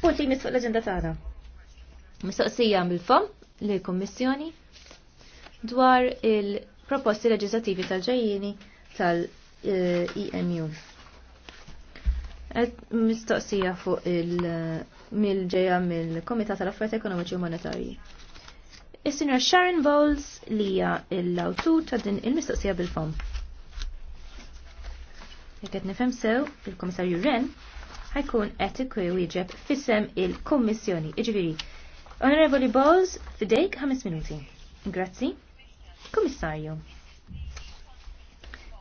Punti jmiss fuq l-agenda tagħna. Mistoqsija mill-fom lill kummissjoni dwar il-proposti leġislattivi tal ġajjini tal-EMU. Mistoqsija fuq il-ġeja mill-Komitat tal-Affarijiet Ekonomiċi u Monetarji. Is-Sinjor Sharon Bowles li hija l-awtur ta' din il-mistoqsija bil-fom. Jekk qed nifhem sew, il-Komissarju Ren ħajkun qed wieġeb fisem il-Kummissjoni. Iġifieri, Onorevoli Bowles, fidejk ħames minuti. Grazzi. Kummissarju.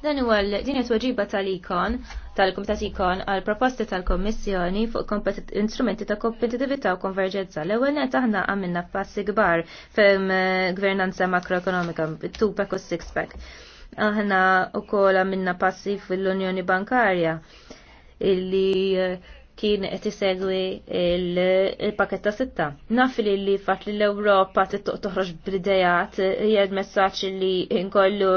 Dan huwa din qed weġiba tal-ikon tal-Kumitat Ikon għal proposti tal-Kommissjoni fuq instrumenti ta' kompetitività u konverġenza. L-ewwel net aħna għamilna passi kbar fejn eh, gvernanza makroekonomika bit-tupac u six-pack. Aħna wkoll għamilna passi fil-Unjoni Bankarja illi eh, kien qed isegwi il-pakket ta' sitta. Naf li li fatt li l-Ewropa toħroġ b'idejat hija l-messaġġ li nkollu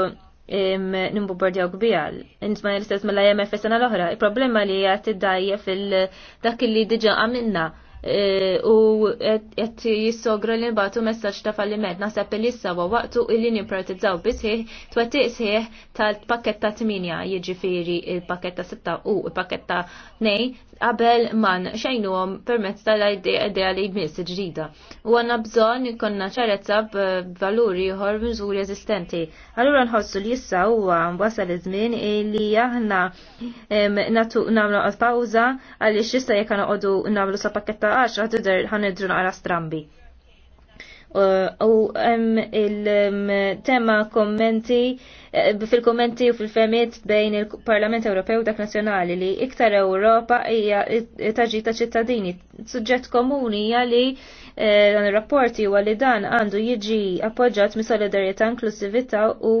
nimbombardjaw kbija. Nisma l-istess mill-IMF sena l-oħra. Il-problema li hija dajja fil-dak li diġa għamilna E, u qed jissogru li nbatu messaġġ ta' falliment. Naħseb li issa huwa waqtu illi nimprotizzaw bisħieħ twettiq sħiħ tal paket ta' 8 jiġifieri il paket ta' 6 u il paket ta' 2 qabel man għom permezz tal-idea li jmiss ġrida. U għandna bżonn ikonna ċarezza b-valuri jħor miżuri eżistenti. Allura nħossu li issa huwa wasal iż-żmien li aħna nagħmlu pawża għaliex issa jekk noqogħdu nagħmlu sa paketta. 10 tidher ħanidru naqra strambi. U hemm il-tema kommenti eh, fil-kommenti u fil-femiet bejn il-Parlament Ewropew dak nazzjonali li iktar Ewropa hija taġi ta' ċittadini. Suġġett komuni hija li eh, dan ir-rapporti huwa li dan għandu jiġi appoġġjat mis-solidarjetà, inklusivita u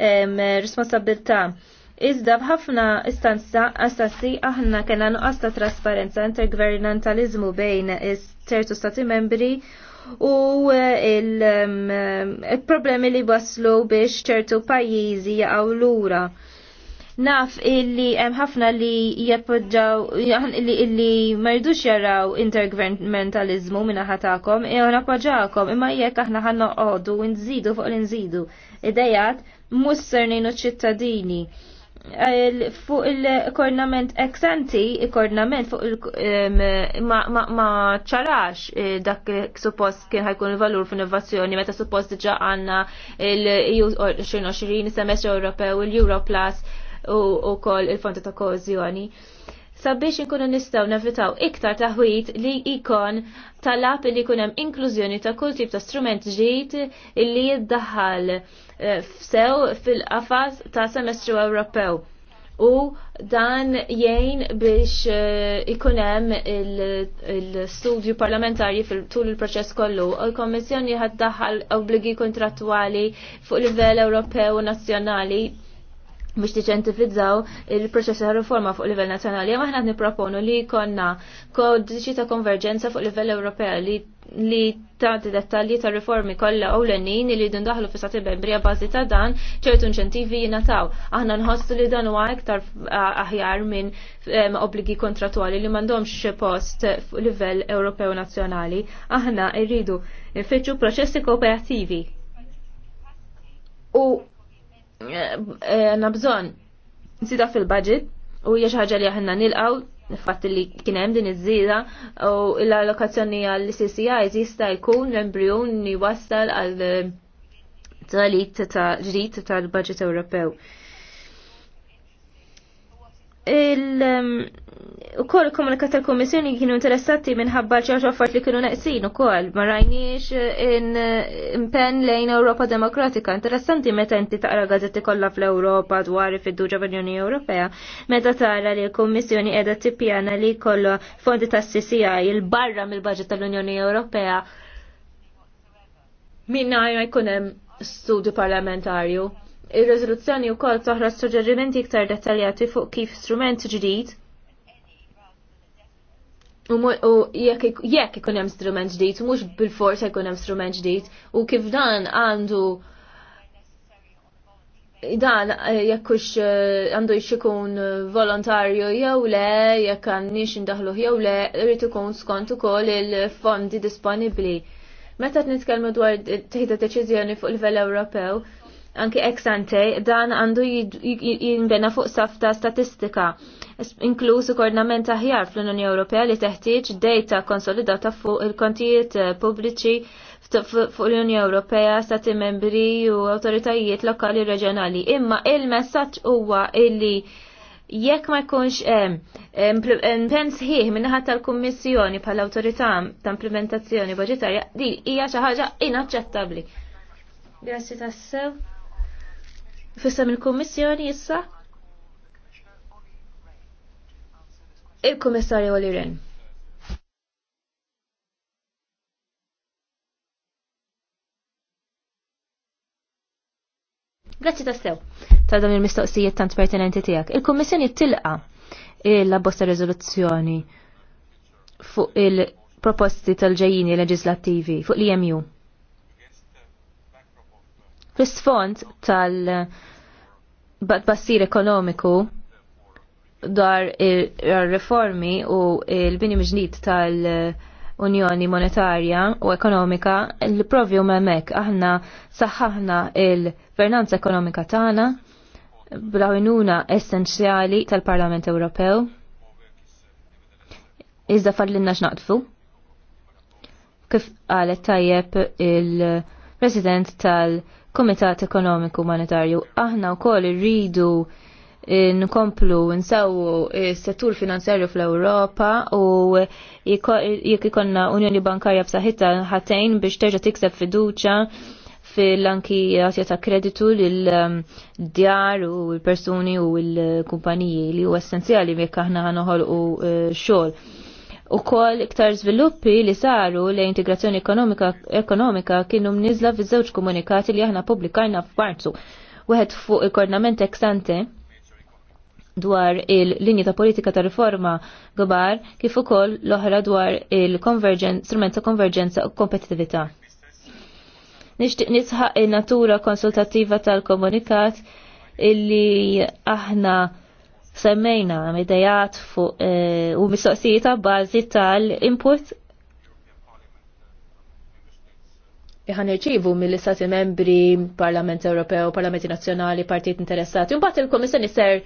responsabilità Iżda bħafna istanza assassi aħna kena nuqqas ta' trasparenza intergovernantalizmu bejn is is-tertu stati membri u eh, mm, eh, il-problemi li waslu biex ċertu pajjiżi jaqgħu lura. Naf illi hemm ħafna li jappoġġaw illi merdux jaraw intergovernmentalizmu minn tagħkom e appoġġawkom imma jekk aħna ħannoqogħdu u nżidu fuq l-inżidu idejat ser ngħinu ċittadini fuq il kornament ex anti, il kornament fuq il ma ċarax eh, dak suppost kien ħajkun il-valur f'innovazzjoni meta suppost diġa għanna il-EU 2020, semestru Ewropew, il-Euro Plus u kol il fonti ta' kozjoni sabiex nkunu nistaw nevitaw iktar taħwit li ikon talab li kunem inklużjoni ta' kull tip ta' strument ġit li jiddaħħal Eh, f'sew fil-qafas ta' semestru Ewropew u dan jgħin biex eh, ikunem il-studju parlamentari tul il-proċess kollu. u l kommissjoni ħaddaħal obbligi kontrattuali fuq livell Ewropew u nazzjonali biex tiċentifizzaw il-proċess ta' riforma fuq livell nazzjonali. Ma ħna niproponu li konna kodiċi ta' konverġenza fuq livell Ewropea li li ta' dettalji ta' riformi kollha ewlenin li dindaħlu fi sati membrija bażi ta' dan ċertu inċentivi jingħataw. Aħna nħossu li dan huwa iktar aħjar minn obbligi kontratwali li m'għandhomx post fuq livell Ewropew nazzjonali. Aħna rridu nfittxu proċessi kooperattivi u Eh, eh, għanna bżon nsida fil-budget u hija xi ħaġa li aħna nilqgħu fatt li kien hemm din iż żida u l-allokazzjoni għall cci jista' jkun l-embryon wassal għal eh, talit ta' ġdid tal-budget Ewropew. Ehm, u koll komunikat tal-Komissjoni kienu interessati minħabba ċertu affarijiet li kienu naqsin u koll, ma rajniex in pen lejn Ewropa Demokratika. Interessanti meta inti taqra gazetti kollha fl-Ewropa dwar fiduġa fl-Unjoni Ewropea, meta tara li l-Komissjoni qiegħda tippjana li kollha fondi tas-CCI il-barra mill-baġġet tal-Unjoni Ewropea minna jkun hemm studju parlamentarju. Ir-riżoluzzjoni wkoll toħra suġġerimenti iktar dettaljati fuq kif strument ġdid U jekk ikun hemm strument ġdid, mhux bil-forsa jkun hemm strument ġdid, u kif dan għandu dan eh, jekk hux eh, għandu ikun eh, volontarju jew le, jekk għandniex indaħlu jew le, rrid ikun skont ukoll il-fondi disponibbli. Meta nitkellmu dwar teħda deċiżjoni fuq il livell Ewropew, anke ex ante, dan għandu jinbena fuq safta statistika inkluż koordinament aħjar fl-Unjoni Ewropea li teħtieġ data konsolidata fuq il-kontijiet eh, pubbliċi fuq l-Unjoni Ewropea, stati membri u awtoritajiet lokali reġjonali. Imma il-messaġġ huwa illi jekk ma jkunx impenn sħiħ minnaħat tal-Kummissjoni bħal awtorità ta' implementazzjoni budgetarja di hija xi ħaġa inaċċettabbli. Grazzi tassew. Fissam il-Kummissjoni issa? il-Kummissarju Oliren. Grazzi ta' sew ta' dan il-mistoqsijiet tant pertinenti tiegħek. Il-Kummissjoni tilqa l-abbosta riżoluzzjoni fuq il-proposti tal-ġejjini leġislattivi fuq l-IMU. Fl-sfond tal-bassir ekonomiku dar il-reformi u il-bini mġnit tal- Unjoni Monetarja u Ekonomika li u memek aħna saħħaħna il-vernanza ekonomika tagħna blawinuna essenzjali tal-Parlament Ewropew. Iżda fallinna x'naqtfu. Kif qalet tajjeb il-President tal-Komitat Ekonomiku Monetarju, aħna wkoll irridu il nkomplu nsawu settur finanzjarju fl-Europa u jekk ikonna Unjoni Bankarja b'saħħitha ħatejn biex terġa' tikseb fiduċja fil-anki għasja ta' kreditu l-djar um, u l-persuni u l-kumpaniji li u essenzjali jekk aħna ħanoħol u uh, xogħol. U kol iktar sviluppi li saru li integrazzjoni ekonomika, ekonomika kienu mnizla fi żewġ komunikati li aħna publikajna f'Marzu. Wieħed fuq il-kornament ex dwar il-linji ta' politika ta' riforma gobar kif ukoll l-oħra dwar il-konverġenza, strument ta' konverġenza u kompetitività. Nixtieq nisħaq in-natura konsultattiva tal-komunikat illi aħna semmejna medajat fuq eh, u mistoqsijiet bażi tal-input ħan irċivu mill-istati membri, Parlament Ewropew, Parlamenti Nazzjonali, Partit Interessati. Mbagħad il-Komissjoni ser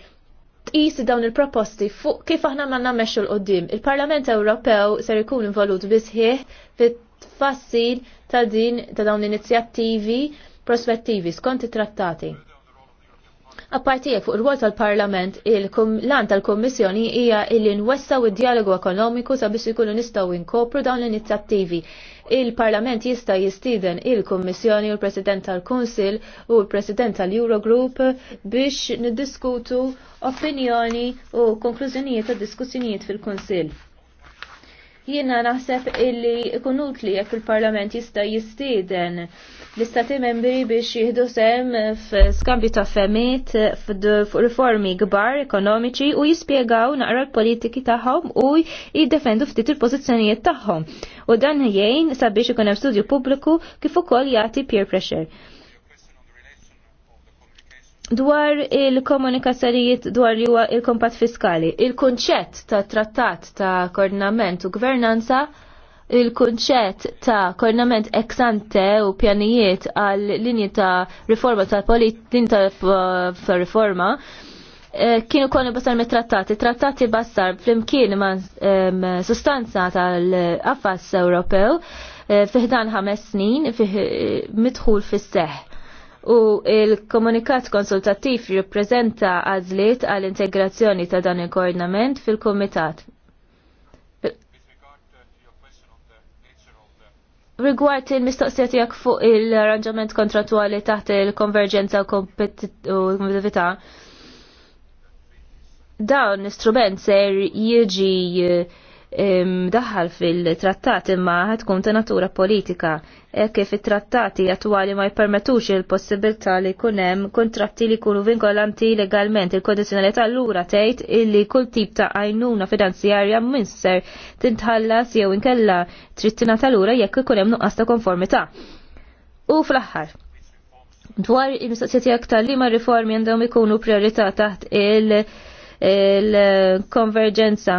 Qisi dawn il-proposti fuq kif aħna ma nammexxu l qoddim Il-Parlament Ewropew ser ikun involut bisħieħ fit-tfassil ta' din ta' dawn l-inizjattivi prospettivi skont it-trattati. Appartijek fuq il-wol tal-Parlament, il-lan tal-Kommissjoni hija illi nwessaw id-dialogu ekonomiku sabiex ikunu nistgħu inkopru dawn l-inizjattivi. Il-Parlament jista' jistiden il-Kommissjoni u l-President tal-Kunsil u l-President tal-Eurogroup biex niddiskutu opinjoni u konklużjonijiet ta' diskussjonijiet fil-Kunsil. Jiena naħseb illi ikun li jekk il-Parlament jista' jistiden l-istati membri biex jihdu sem f'skambi ta' femmit f riformi gbar ekonomiċi u jispiegaw naqra l-politiki tagħhom u jiddefendu ftit il-pożizzjonijiet tagħhom. U dan jgħin sabiex ikun hemm studju pubbliku kif ukoll jagħti peer pressure dwar il-komunikazzjonijiet dwar li huwa il-kompat fiskali, il-kunċett ta' trattat ta' koordinament u gvernanza il-kunċett ta' kornament ex ante u pjanijiet għal linji ta' riforma ta' politin ta' riforma eh, kienu konu basar me trattati. Trattati basar flimkien ma' sustanza tal-affas Ewropew eh, fiħdan ħames snin mitħul fis u il-komunikat konsultattiv jirrappreżenta għazliet għall-integrazzjoni ta' dan il-koordinament fil-Kumitat Rigward il-mistoqsija tiegħek fuq il-arranġament kontratwali taħt il-konverġenza u kompetitività, dawn l-istrument ser jiġi daħal fil-trattat imma ħatkun ta' natura politika. E kif it-trattati attwali ma jpermetux il-possibilità li jkun hemm kontratti li jkunu vinkolanti legalment. Il-kondizjonalità allura tgħid illi kull tip ta' għajnuna finanzjarja minser tintħallas jew inkella trittina tal lura jekk ikun hemm nuqqas ta' konformità. U fl-aħħar, dwar il mistoqsijiet aktar li ma' riformi għandhom ikunu priorità taħt il-konverġenza. il konverġenza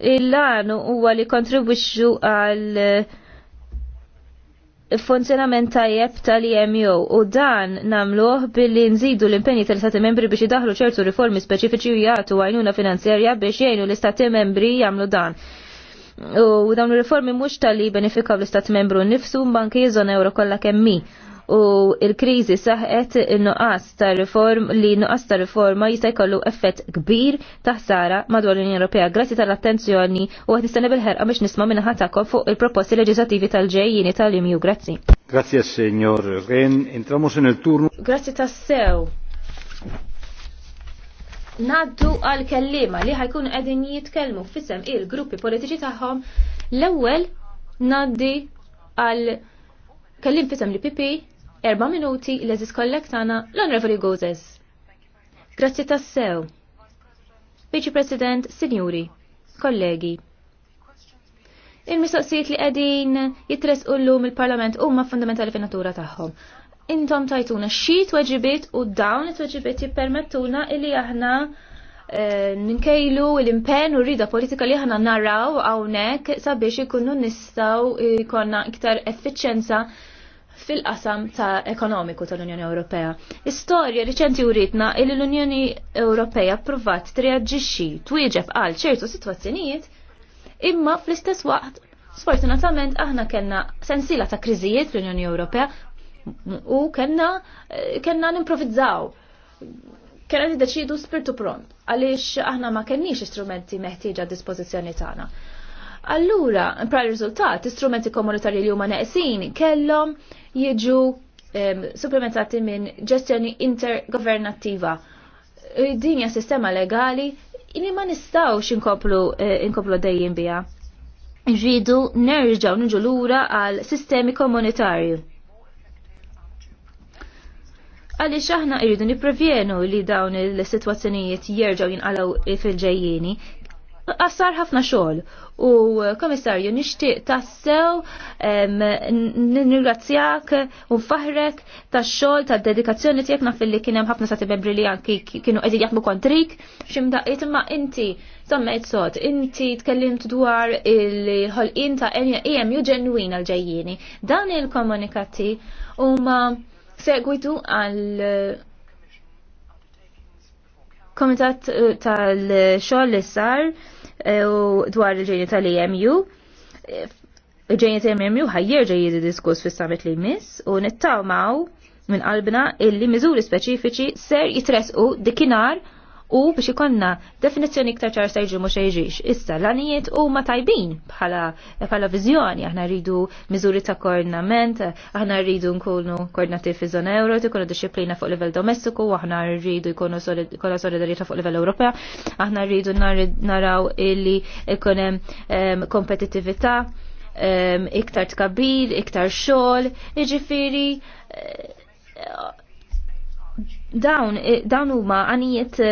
il-lanu huwa li kontribwixxu għal eh, funzjonament tajjeb tal-EMU u dan namluħ billi nżidu l-impenji tal-Stati membri biex idaħlu ċertu riformi speċifiċi u jgħatu għajnuna finanzjarja biex jgħinu l-Stati membri jagħmlu dan. U dawn il-riformi mhux tal-li benefika l istati membru nnifsu mbanki jizzon euro kolla kemmi u il-kriżi saħet il-nuqqas ta' reform li nuqqas ta' riforma jista' jkollu effett kbir ta' ħsara madwar l-Unjoni Ewropea. Grazzi tal-attenzjoni u qed nistenni bil-ħerqa biex nisma' minna ħatakom fuq il-proposti leġislattivi tal-ġejjini tal jumju Grazzi. Grazzi signor Ren. Entramos il turno. Grazzi tassew. Naddu għal-kellima li ħajkun qegħdin jitkellmu fissem il-gruppi politiċi tagħhom l-ewwel naddi għal kellim fissem li pipi erba' minuti l-eżis kollek tagħna l-Onorevoli Gozes. Grazzi tassew. Viċi President, Sinjuri, kollegi. Il-mistoqsijiet li qegħdin jitresqu llum il-Parlament huma fundamentali fin-natura tagħhom. Intom tajtuna xi tweġibiet u dawn it-tweġibiet jippermettuna illi aħna e, ninkejlu l-impen u rrida politika li ħana naraw għawnek sabiex ikunu nistaw ikonna iktar effiċenza fil-qasam ta' ekonomiku tal-Unjoni Ewropea. Istorja riċenti uritna il l-Unjoni Ewropea provat triagġiċi twieġeb għal ċertu sitwazzjonijiet imma fl-istess waqt sfortunatament aħna kellna sensila ta' kriżijiet l-Unjoni Ewropea u kellna eh, kellna nimprovizzaw. Kellna niddeċidu spirtu pront għaliex aħna ma kenniex istrumenti meħtieġa dispozizjoni tagħna. Allura, pra riżultat, istrumenti komunitarji li huma neqsin kellhom jiġu supplementati minn ġestjoni intergovernattiva. E, din hija sistema legali li ma nistgħux inkomplu e, inkomplu dejjin biha. Rridu nerġgħu niġu lura għal sistemi komunitarju. Għaliex aħna irridu nipprovjenu li dawn il-sitwazzjonijiet jerġgħu jinqalgħu fil-ġejjieni, qassar ħafna xogħol u komissarju nixtieq tassew nirrazzjak u faħrek tax-xogħol tad-dedikazzjoni tiegħek naf li kien hemm ħafna sati li anki kienu qegħdin jaħdmu kontrik x'imdaqqiet imma inti semmejt sod, inti tkellimt dwar il-ħolqien ta' EMU ġenwin għal-ġejjieni. Dan il-komunikati huma segwitu għal komitat eh, tal-xogħol li sar u dwar il-ġejni tal-EMU. Il-ġejni tal-EMU ħajjerġa jiġi diskuss fis samet li jmiss u nittawmaw minn qalbna illi miżuri speċifiċi ser jitresqu dikinar u biex ikonna definizzjoni iktar ċar se jiġi mhux jiġix. Issa l-għanijiet huma tajbin bħala bħala viżjoni, aħna rridu miżuri ta' koordinament, aħna rridu nkunu koordinati fi żona euro, ikunu disciplina fuq livell domestiku, aħna rridu jkunu kolla solidarieta fuq livell Ewropea, aħna rridu naraw illi ikun hemm kompetittività, iktar tkabir, iktar xogħol, jiġifieri eh, dawn eh, dawn huma għanijiet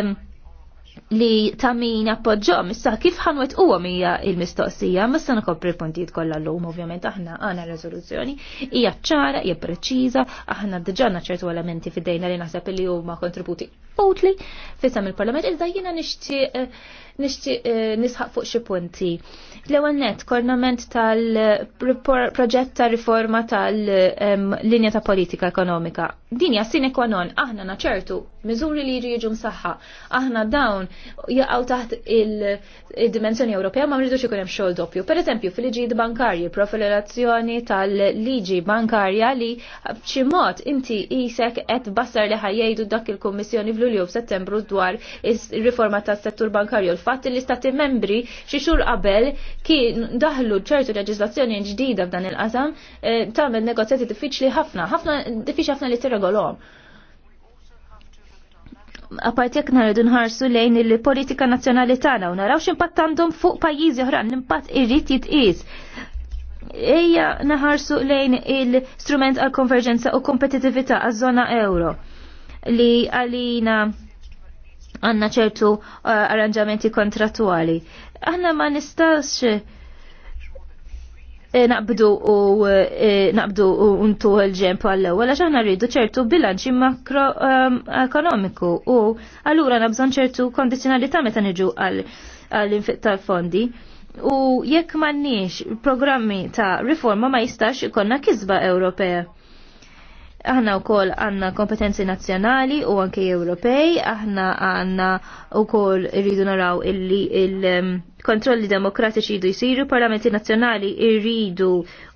li ta' min appoġġom, issa kif ħanwet u hija il-mistoqsija, ma s kopri l-puntijiet kollha llum ovvjament aħna għana rezoluzjoni, hija ċara, hija preċiża, aħna d-ġanna ċertu elementi fidejna li naħseb li huma kontributi utli fissam il-Parlament, iżda jiena nixtieq eh, nixtieq eh, nisħaq fuq xi punti. L-ewwel nett kornament tal-proġett ta' riforma tal-linja ta' politika ekonomika. Din hija sine qua non aħna naċertu miżuri li jiġu msaħħa. Aħna dawn jaqgħu taħt il-dimensjoni Ewropea ma rridux ikun hemm xogħol doppju. Pereżempju fil-liġijiet bankarji, profilerazzjoni tal-liġi bankarja li b'xi mod inti isek qed bassar li ħajjejdu dak il-Kummissjoni f'Lulju f'Settembru dwar is-riforma tas-settur bankarju fatt li stati membri xi xhur qabel kien daħlu ċertu leġislazzjoni ġdida f'dan il-qasam eh, tagħmel negozjati diffiċli ħafna, ħafna diffiċli ħafna li tirregolhom apart jekk naridu nħarsu lejn il-politika nazzjonali tagħna u naraw impatt għandhom fuq pajjiżi oħra l-impatt irrid jitqies. Ejja naħarsu lejn il-strument għal konverġenza u kompetitività għaż-żona euro li għalina għanna ċertu eh, arranġamenti kontrattuali. Aħna ma nistax eh, naqbdu u eh, naqbdu u untu l-ġemp għall-ewwel għax aħna rridu ċertu bilanċi makroekonomiku u allura nabżon ċertu kondizjonalità meta niġu għall-infiq tal-fondi. U jekk m'għandniex programmi ta' riforma ma jistax ikonna kisba Ewropea. Aħna wkoll għandna kompetenzi nazzjonali u anke Ewropej, aħna għandna wkoll irridu naraw illi il-kontrolli demokratiċi jidu jsiru, parlamenti nazzjonali jridu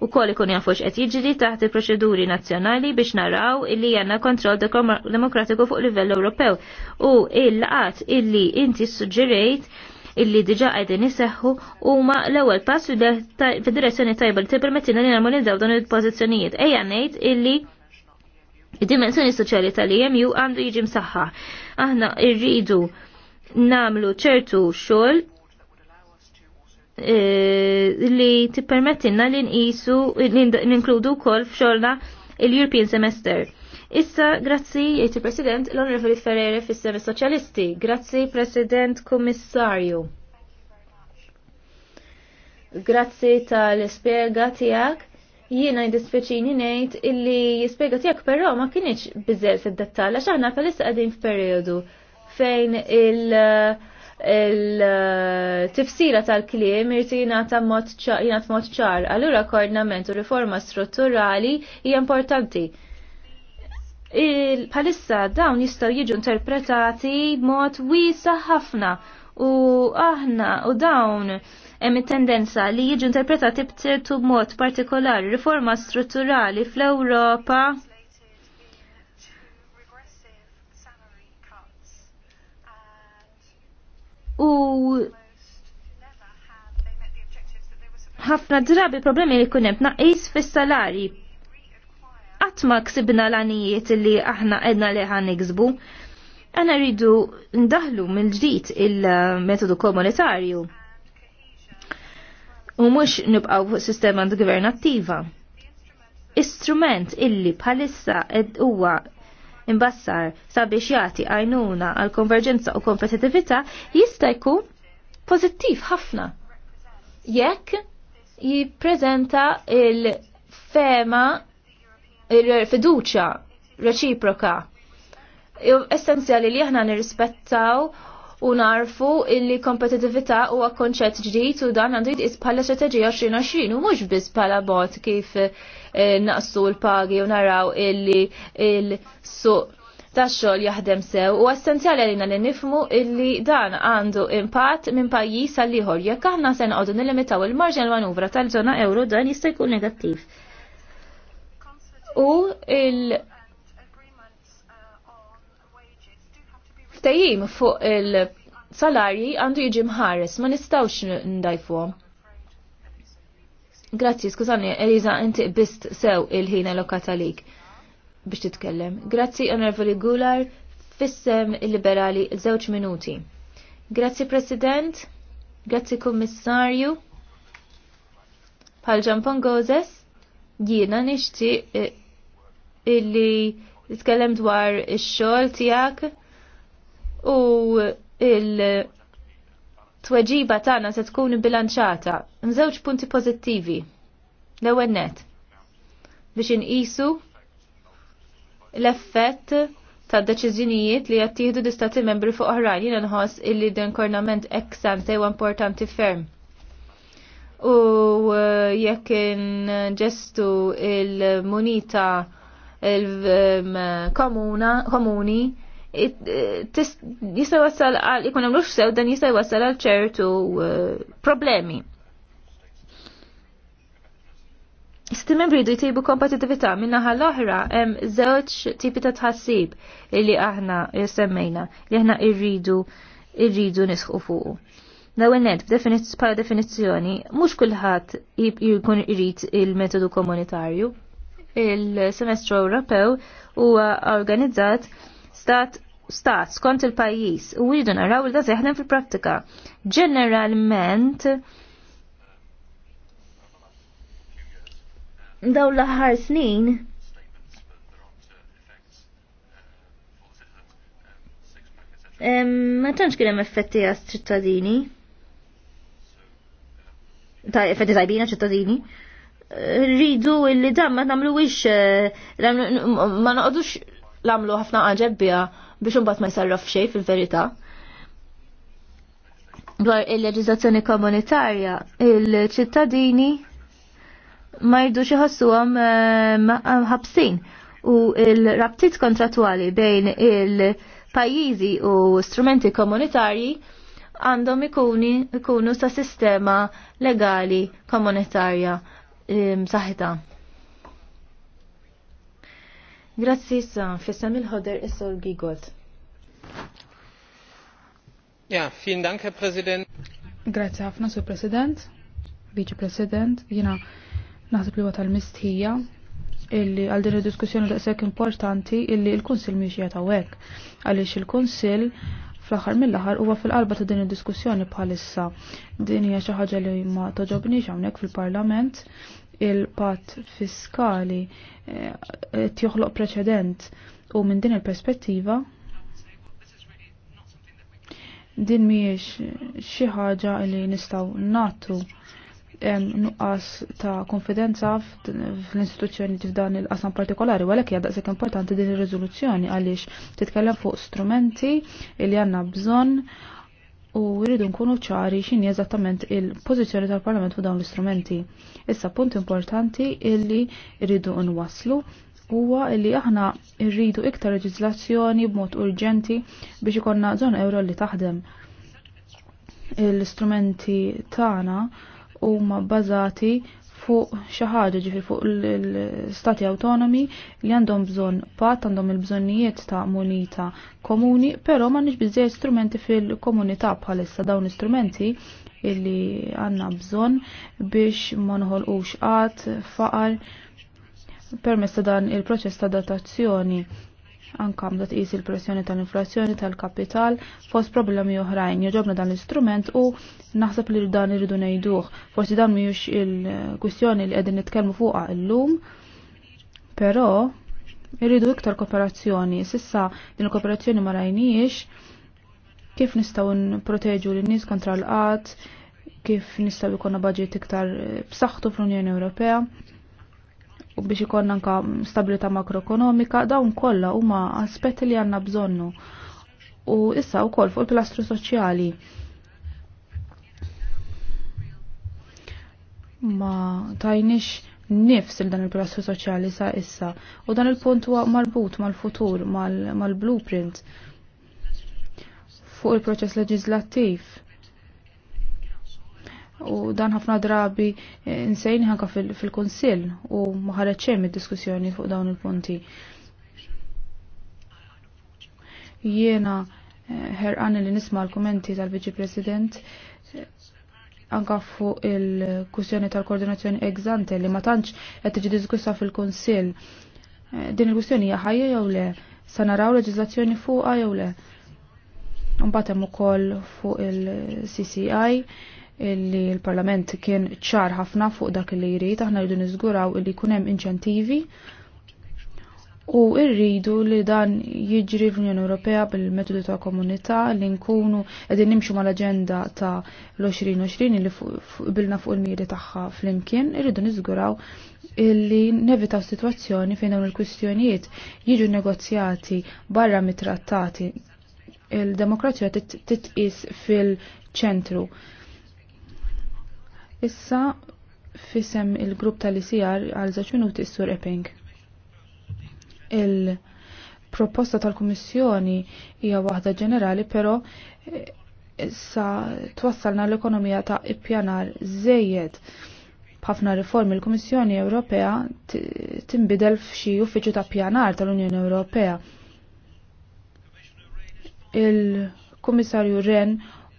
wkoll ikun jafux x'qed jiġri taħt il-proċeduri nazzjonali biex naraw illi għandna kontroll demokratiku fuq livell Ewropew u il-laqat illi inti suġġerejt illi diġa għajden jiseħħu u ma l-ewel pass fil-direzzjoni tajba li t-permettina li namlu daw dan il-pozizjonijiet. Ejja nejt illi Id-dimensjoni soċjali tal ju għandu jiġi msaħħa. Aħna rridu namlu ċertu xogħol eh, li tippermettilna li nqisu ninkludu wkoll f'xogħolna il-European Semester. Issa, grazzi, jgħid president l-Onorevoli Ferreri fis-Semi Soċjalisti. Grazzi, President Kommissarju. Grazzi tal-ispjega tiegħek jiena jdispiċini ngħid illi jispjega jekk però ma kienx biżel fid-dettall għax aħna palissa qegħdin periodu fejn il- il-tifsira tal-kliem irtina ta' mod ċar, allura koordinament u riforma strutturali hija importanti. Palissa dawn jistgħu jiġu interpretati b'mod wiesa ħafna u aħna u dawn hemm tendenza li jiġu interpretati b'ċertu mod partikolari riforma strutturali fl-Ewropa u ħafna drabi problemi li kunem naqis fis-salari għatma ksibna l-għanijiet li aħna edna li ħan iksbu għana rridu ndaħlu mill-ġdid il-metodu komunitarju u mhux nibqgħu sistema governattiva. Istrument illi bħalissa huwa imbassar sabiex jagħti għajnuna għal konverġenza u kompetitività jista' jkun pożittiv ħafna. Jekk jippreżenta il-fema il-fiduċa reċiproka essenzjali li aħna nirrispettaw u narfu illi kompetitività huwa konċett ġdid u dan għandu jitqis bħala strateġija 2020 u mhux biss bħala bot kif eh, naqsu l-pagi u naraw illi il-suq tax-xogħol jaħdem sew u essenzjali għalina li nifmu illi dan għandu impatt minn pajjiż għal ieħor jekk aħna se nqogħdu nilimitaw il-marġin manuvra tal-żona euro dan jista' jkun negattiv. U il- ftejim fuq il-salarji għandu jiġi mħares, ma nistawx ndajfuhom. Grazzi, skużani, Eliza, inti bist sew il-ħin allokata lik biex titkellem. Grazzi, Onorevoli Gular, fissem il-liberali żewġ minuti. Grazzi, President, grazzi, Kummissarju, bħal Ġampon Gozes, jiena nixti eh, illi tkellem dwar ix-xogħol tiegħek u il- tweġiba tagħna se tkun bilanċata. Mżewġ punti pożittivi. L-ewwel net. Biex inqisu l-effett ta' deċiżjonijiet li qed jieħdu l-istati membri fuq oħrajn jiena nħoss illi din kornament ex ante huwa importanti ferm. U eh, jekk ġestu il-munita il-komuni eh, Eh, jista' wassal għal ikun lux sew dan jista' wassal għal ċertu eh, problemi. Stim bridu jtibu kompatitivita minna l-oħra hemm żewġ tipi ta' tħassib illi aħna semmejna li aħna irridu irridu nisħu fuqu. L-ewwel definizjoni, bħala definizzjoni mhux kulħadd jkun irid il-metodu komunitarju. Il-semestru Ewropew huwa organizzat stat stat skont il-pajjiż u jridu naraw il da seħlem fil-prattika. Ġeneralment daw l-aħħar snin ma tantx kien hemm effetti għas ċittadini. Ta' effetti tajbina ċittadini. Rridu li dam ma wix, eh, ma naqdux l amlu ħafna għaġebbija biex imbagħad ma jsarraf xejn fil-verità. Dwar il leġizazzjoni komunitarja, il-ċittadini ma jirdux iħossuhom eh, eh, ħabsin u il-rabtiet kontratwali bejn il-pajjiżi u strumenti komunitarji għandhom ikunu sa sistema legali komunitarja eh, saħita. Grazzi sa, fissam il-ħoder is-sol Gigot. Ja, fin Dank, Herr Präsident. Grazzi ħafna, Sur President, Vice President, jina naħseb li għata l-mistħija illi għal din id-diskussjoni daqshekk importanti illi l-Kunsil mhix jagħta hekk għaliex il-Kunsil fl-aħħar mill-aħħar huwa fil-qalba ta' din id-diskussjoni bħalissa. Din hija xi ħaġa li ma toġobniex hawnhekk fil-Parlament il-pat fiskali tjoħloq eh, preċedent u minn din il-perspettiva din miex xi ħaġa li nistgħu natu nuqqas ta' konfidenza fl-istituzzjoni f'dan il-qasam partikolari, għalhekk hija daqshekk importanti din ir-riżoluzzjoni għaliex titkellem fuq strumenti li għandna bżonn rridu nkunu ċari x'inhi eżattament il-pożizzjoni tal-Parlament fuq dawn l-istrumenti. Issa punt importanti illi rridu nwasslu huwa li aħna rridu iktar leġiżlazzjoni b'mod urġenti biex ikonna żon euro li taħdem. L-istrumenti tagħna huma bbażati fuq xi ħaġa ġifi fuq l-stati autonomi li għandhom bżonn pat għandhom il-bżonnijiet ta' munita komuni, però m'għandniex biżejjed strumenti fil-komunità bħalissa dawn istrumenti illi għandna bżonn biex ma uxqat, qatt faqar permessa ta' dan il-proċess ta' datazzjoni ankam dat tqis il-pressjoni tal-inflazzjoni tal-kapital fost problemi oħrajn. Joġobna dan l-istrument u naħseb li dan irridu ngħiduh. Forsi dan mhijiex il-kwistjoni li qegħdin nitkellmu fuqha illum, però irridu iktar kooperazzjoni. Sissa din il-kooperazzjoni ma rajniex kif nistgħu nproteġu lin-nies kontra l qat kif nistgħu jkollna budget iktar b'saħħtu fl-Unjoni Ewropea u biex ikonna anka stabilità makroekonomika dawn kollha huma aspetti li għandna bżonnu. U issa wkoll fuq il-pilastru soċjali. Ma tajniex nifs il dan il-pilastru soċjali sa issa u dan il-punt huwa marbut mal-futur mal-blueprint fuq il-proċess leġislattiv u dan ħafna drabi insejn eh, ħanka fil-konsil u maħareċ il id-diskussjoni fuq dawn il-punti. Jiena eh, ħerqan li nisma' l-kommenti tal-Viċi President eh, anka fuq il kussjoni tal-koordinazzjoni egzante li ma tantx qed tiġi diskussa fil-Kunsill. Din il kussjoni hija ħajja jew le, sa naraw leġiżlazzjoni fuqha jew le. Mbagħad hemm ukoll fuq il-CCI illi l-Parlament kien ċar ħafna fuq dak li jrid, aħna rridu niżguraw illi jkun hemm inċentivi u rridu li dan jiġri l-Unjoni Ewropea bil-metodu ta' komunità li nkunu qegħdin nimxu mal-aġenda ta' l-2020 li bilna fuq il-miri tagħha flimkien, irridu niżguraw illi nevitaw situazzjoni fejn dawn il-kwistjonijiet jiġu negozjati barra mit-trattati il-demokrazija titqis fil-ċentru. Issa fisem il-grupp tal-ICR għal żewġ minuti s-sur Epping. Il-proposta tal-Kummissjoni hija waħda ġenerali, però issa eh, twassalna l-ekonomija ta' ippjanar żejjed ħafna riformi l-Kummissjoni Ewropea timbidel f'xi uffiċċju ta' pjanar tal-Unjoni Ewropea. Il-Kummissarju Ren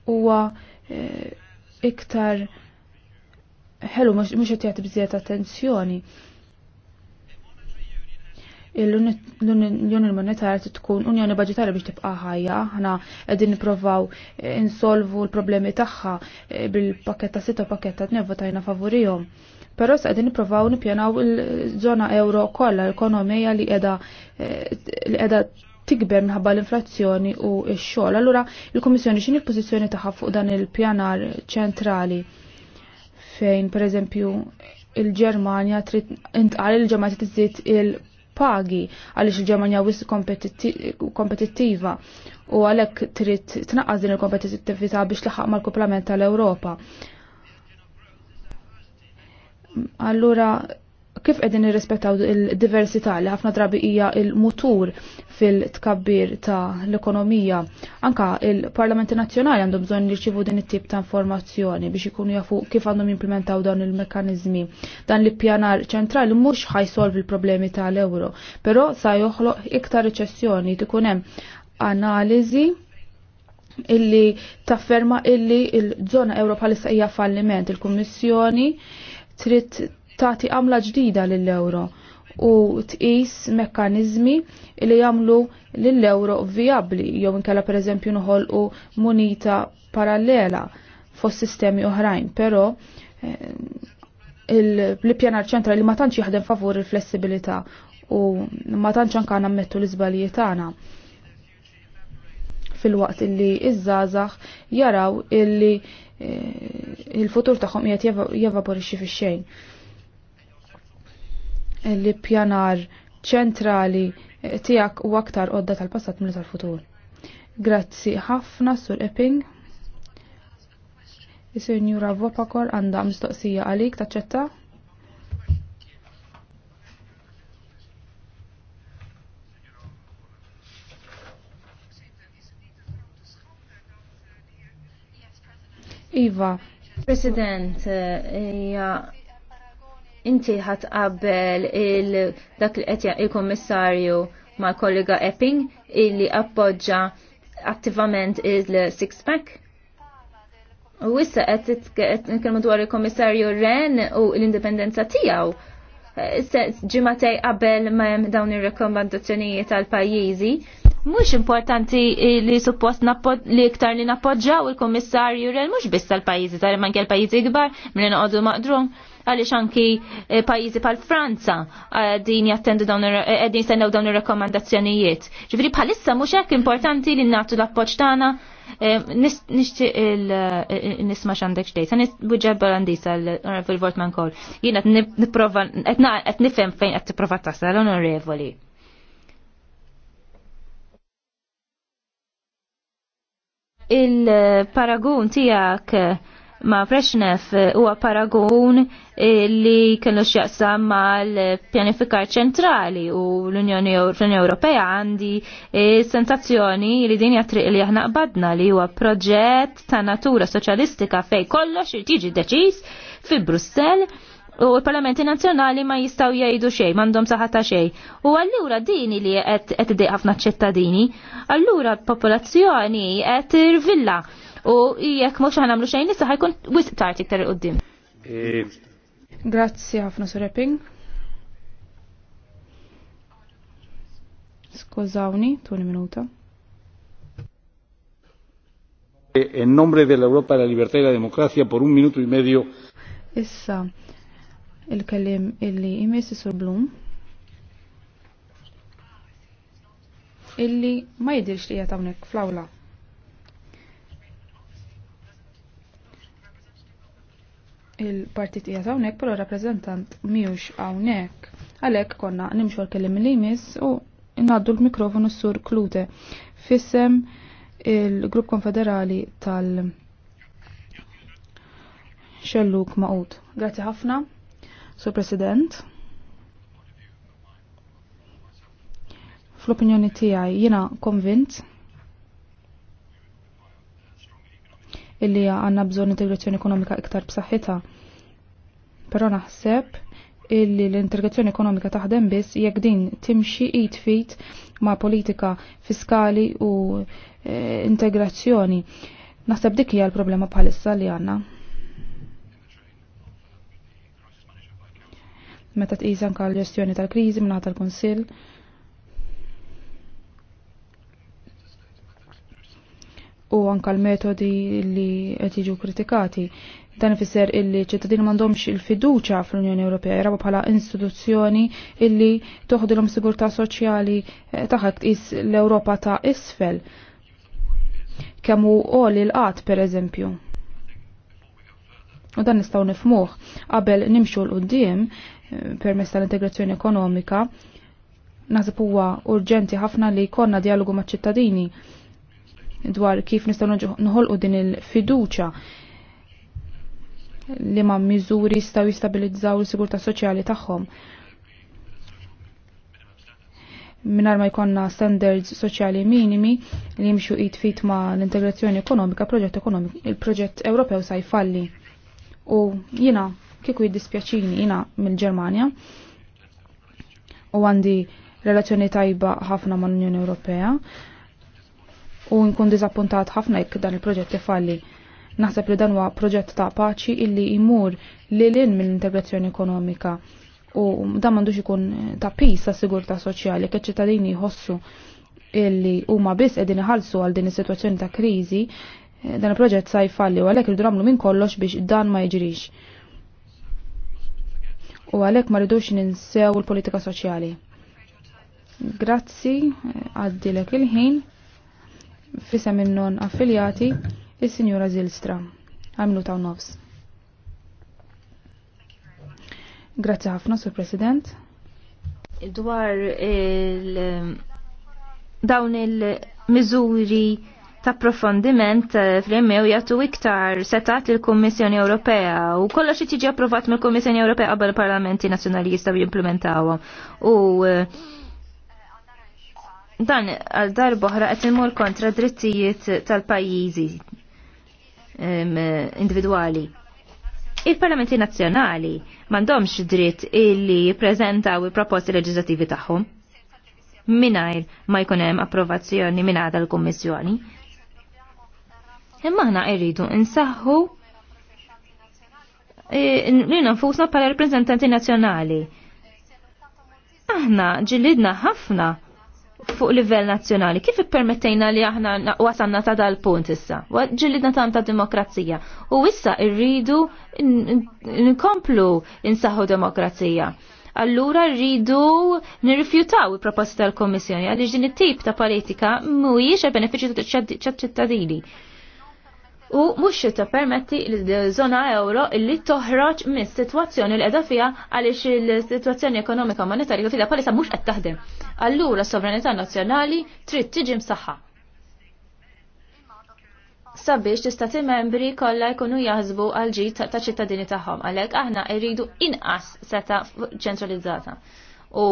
huwa eh, iktar e, ħelu mhux qed jagħti bżiet attenzjoni. il unjoni Monetarja tkun Unjoni Budgetarja biex tibqa' ħajja, aħna qegħdin nippruvaw eh, insolvu l-problemi tagħha eh, bil paketta sita u pakketta tnevva tajna favorihom. Però sa qegħdin nippruvaw nippjanaw il-żona euro kollha l-ekonomija li qiegħda eh, li qiegħda tikber minħabba l-inflazzjoni u x-xogħol. Allura il-Kummissjoni x'inhi l-pożizzjoni tagħha fuq dan il-pjanar ċentrali? fejn per eżempju il-Ġermanja trid intqal il-Ġermanja tiżid il-pagi għaliex il-Ġermanja wis kompetittiva u għalhekk trid tnaqqas din il-kompetittività biex tlaħaq mal kuplament tal-Ewropa. Allura kif qegħdin nirrispettaw il-diversità li ħafna drabi hija il-mutur fil-tkabbir ta' l-ekonomija. Anka il-Parlamenti Nazzjonali għandhom bżonn jirċivu din it-tip ta' informazzjoni biex ikunu jafu kif għandhom jimplementaw dawn il-mekkaniżmi. Dan l-ippjanar ċentrali mhux ħajsolvi l-problemi tal-euro, però sa joħloq iktar riċessjoni tikun hemm analiżi illi tafferma illi il-żona Ewropa li hija falliment il-Kummissjoni trid tagħti għamla ġdida lill-euro u tqis mekkaniżmi li jagħmlu lill-euro vijabbli jew inkella pereżempju noħolqu munita parallela fos sistemi oħrajn, però eh, l-pjanar ċentrali ma tantx jaħdem favur il-flessibilità u ma tantx anke nammettu l-iżbalijiet tagħna fil-waqt illi iż-żazax jaraw illi eh, il-futur tagħhom qiegħed jevaporixxi fix-xejn li pjanar ċentrali tijak u aktar odda tal-passat minn tal-futur. Grazzi ħafna sur Epping. Isir Njura Vopakor għanda mistoqsija għalik taċċetta. Iva. President, eh, ja inti ħat qabel dak li qed il-kommissarju ma' kollega Epping illi appoġġa attivament il-six pack? U issa qed nitkellmu dwar il-Kommissarju Ren u l-indipendenza tiegħu. Ġimatej qabel ma hemm dawn ir-rekomandazzjonijiet tal-pajjiżi, mhux importanti li suppost li iktar li nappoġġaw il-Kommissarju Ren mhux biss tal-pajjiżi tal-manke l-pajjiżi kbar milli noqogħdu maqdrum għaliex anki eh, pajjiżi bħal Franza eh, din jattendu dawn eh, qegħdin jistennew dawn ir-rakkomandazzjonijiet. Ġifieri bħalissa mhux hekk importanti li nagħtu l-appoġġ tagħna nixtieq nisma' x'għandek xdejt. Sa niġġeb għandisa l-Onorevoli Vortman Koll. Jiena qed nipprova qed nifhem fejn qed tipprova l onorevoli. il-paragun tijak ma' Brezhnev eh, huwa paragun eh, li kellu x'jaqsam mal-pjanifikar ċentrali u l-Unjoni Ewropea għandi eh, sensazzjoni li din triq li aħna qbadna li huwa proġett ta' natura soċjalistika fej kollox tiġi deċiż fi Brussell u l-Parlamenti Nazzjonali ma jistaw jgħidu xej, mandom saħata xej. U allura dini li qed qed ħafna ċittadini, allura l-popolazzjoni qed irvilla u jekk mhux aħna nagħmlu xejn issa ħajkun wisq tard iktar qudiem. E, Grazzi ħafna Sur Epping. Skużawni, tuni minuta. E, en nombre de l'Europa Europa, la libertad y la democracia por un minuto y medio. Issa, il-kellim illi imessi Sur Blum. illi ma jidirx li jatawnek hawnhekk fl-awla. il-partit hija hawnhekk però rappreżentant miux hawnhekk. Għalhekk konna nimxu għal-kellim li jmiss u ngħaddu l-mikrofonu sur Klute fissem il-Grupp Konfederali tal- Xelluk Maqut. Grazzi ħafna, Sur President. Fl-opinjoni tiegħi jiena konvint illi għanna bżon integrazzjoni ekonomika iktar b'saħħitha. Però naħseb illi l-integrazzjoni ekonomika taħdem biss jekk din timxi eat fit ma' politika fiskali u e, integrazzjoni. Naħseb dik hija l-problema bħalissa li għandna. Meta tqis anke l-ġestjoni tal-kriżi minn tal-Kunsill, u anka l-metodi li qed jiġu kritikati. Dan ifisser illi ċittadini m'għandhomx il-fiduċa fl-Unjoni Ewropea jrabu bħala istituzzjoni illi toħdilhom sigurtà soċjali eh, taħt is l-Ewropa ta' isfel. Kemm hu il-qat qatt pereżempju. U dan nistgħu nifmuh qabel nimxu l qudiem eh, permezz tal-integrazzjoni ekonomika, naħseb huwa urġenti ħafna li jkollna dialogu maċ-ċittadini dwar kif nistgħu nħolqu din il-fiduċa li ma' miżuri jistgħu jistabilizzaw l-sigurtà soċjali tagħhom. Minar ma jkonna standards soċjali minimi li jimxu id fit ma' l-integrazzjoni ekonomika, proġett ekonomik, il-proġett Ewropew sa' jfalli. U jina, kiku jiddispjaċini jina mill-Ġermanja u għandi relazzjoni tajba ħafna mal-Unjoni Ewropea u nkun diżappuntat ħafna jekk dan il-proġett ifalli. Naħseb li dan huwa proġett ta' paċi illi jmur li lin minn integrazzjoni ekonomika u dan m'għandux ikun ta' pis ta' sigurtà soċjali kif ċittadini jħossu illi huma biss qegħdin iħallsu għal din is-sitwazzjoni ta' kriżi eh, dan il-proġett sa jfalli u għalhekk irdu nagħmlu minn kollox biex dan ma jiġrix. U għalhekk ma rridux ninsew il-politika soċjali. Grazzi, eh, għaddilek il-ħin fisem minnon affiljati il-Sinjura Zilstra. Għamlu ta' nofs. Grazie ħafna, Sur President. Dwar il- dawn il-miżuri ta' profondiment eh, fl-emmew jattu iktar setat il-Kummissjoni Ewropea u xi tiġi approvat mill kommissjoni Ewropea qabel parlamenti nazzjonali jistgħu jimplementawhom. U eh, dan għal darboħra qed imur kontra drittijiet tal-pajjiżi individwali. Il-Parlamenti Nazzjonali m'għandhomx dritt illi jippreżentaw il-proposti leġislattivi tagħhom mingħajr ma jkun hemm approvazzjoni minn għadha l-Kummissjoni. Imma aħna rridu nsaħħu e, li nfusna bħala rappreżentanti nazzjonali. Aħna ġilidna ħafna fuq livell nazzjonali. Kif ippermettejna li aħna wasanna ta' dal-punt issa? Ġillidna tam ta' demokrazija. U issa irridu nkomplu insaħu demokrazija allura rridu nirrifjutaw il-proposta tal kommissjoni għal din it-tip ta' politika mhuwiex għal benefiċċju ċittadini u mhux permetti l-żona euro illi toħroġ mis-sitwazzjoni l edha fiha għaliex il-sitwazzjoni ekonomika monetarja li palisa mux mhux qed taħdem. Allura s-sovranità nazzjonali trid tiġi msaħħa. Sabiex tistati membri kollha jkunu jaħsbu għal ġid ta' ċittadini tagħhom, għalhekk aħna rridu inqas seta' ċentralizzata. U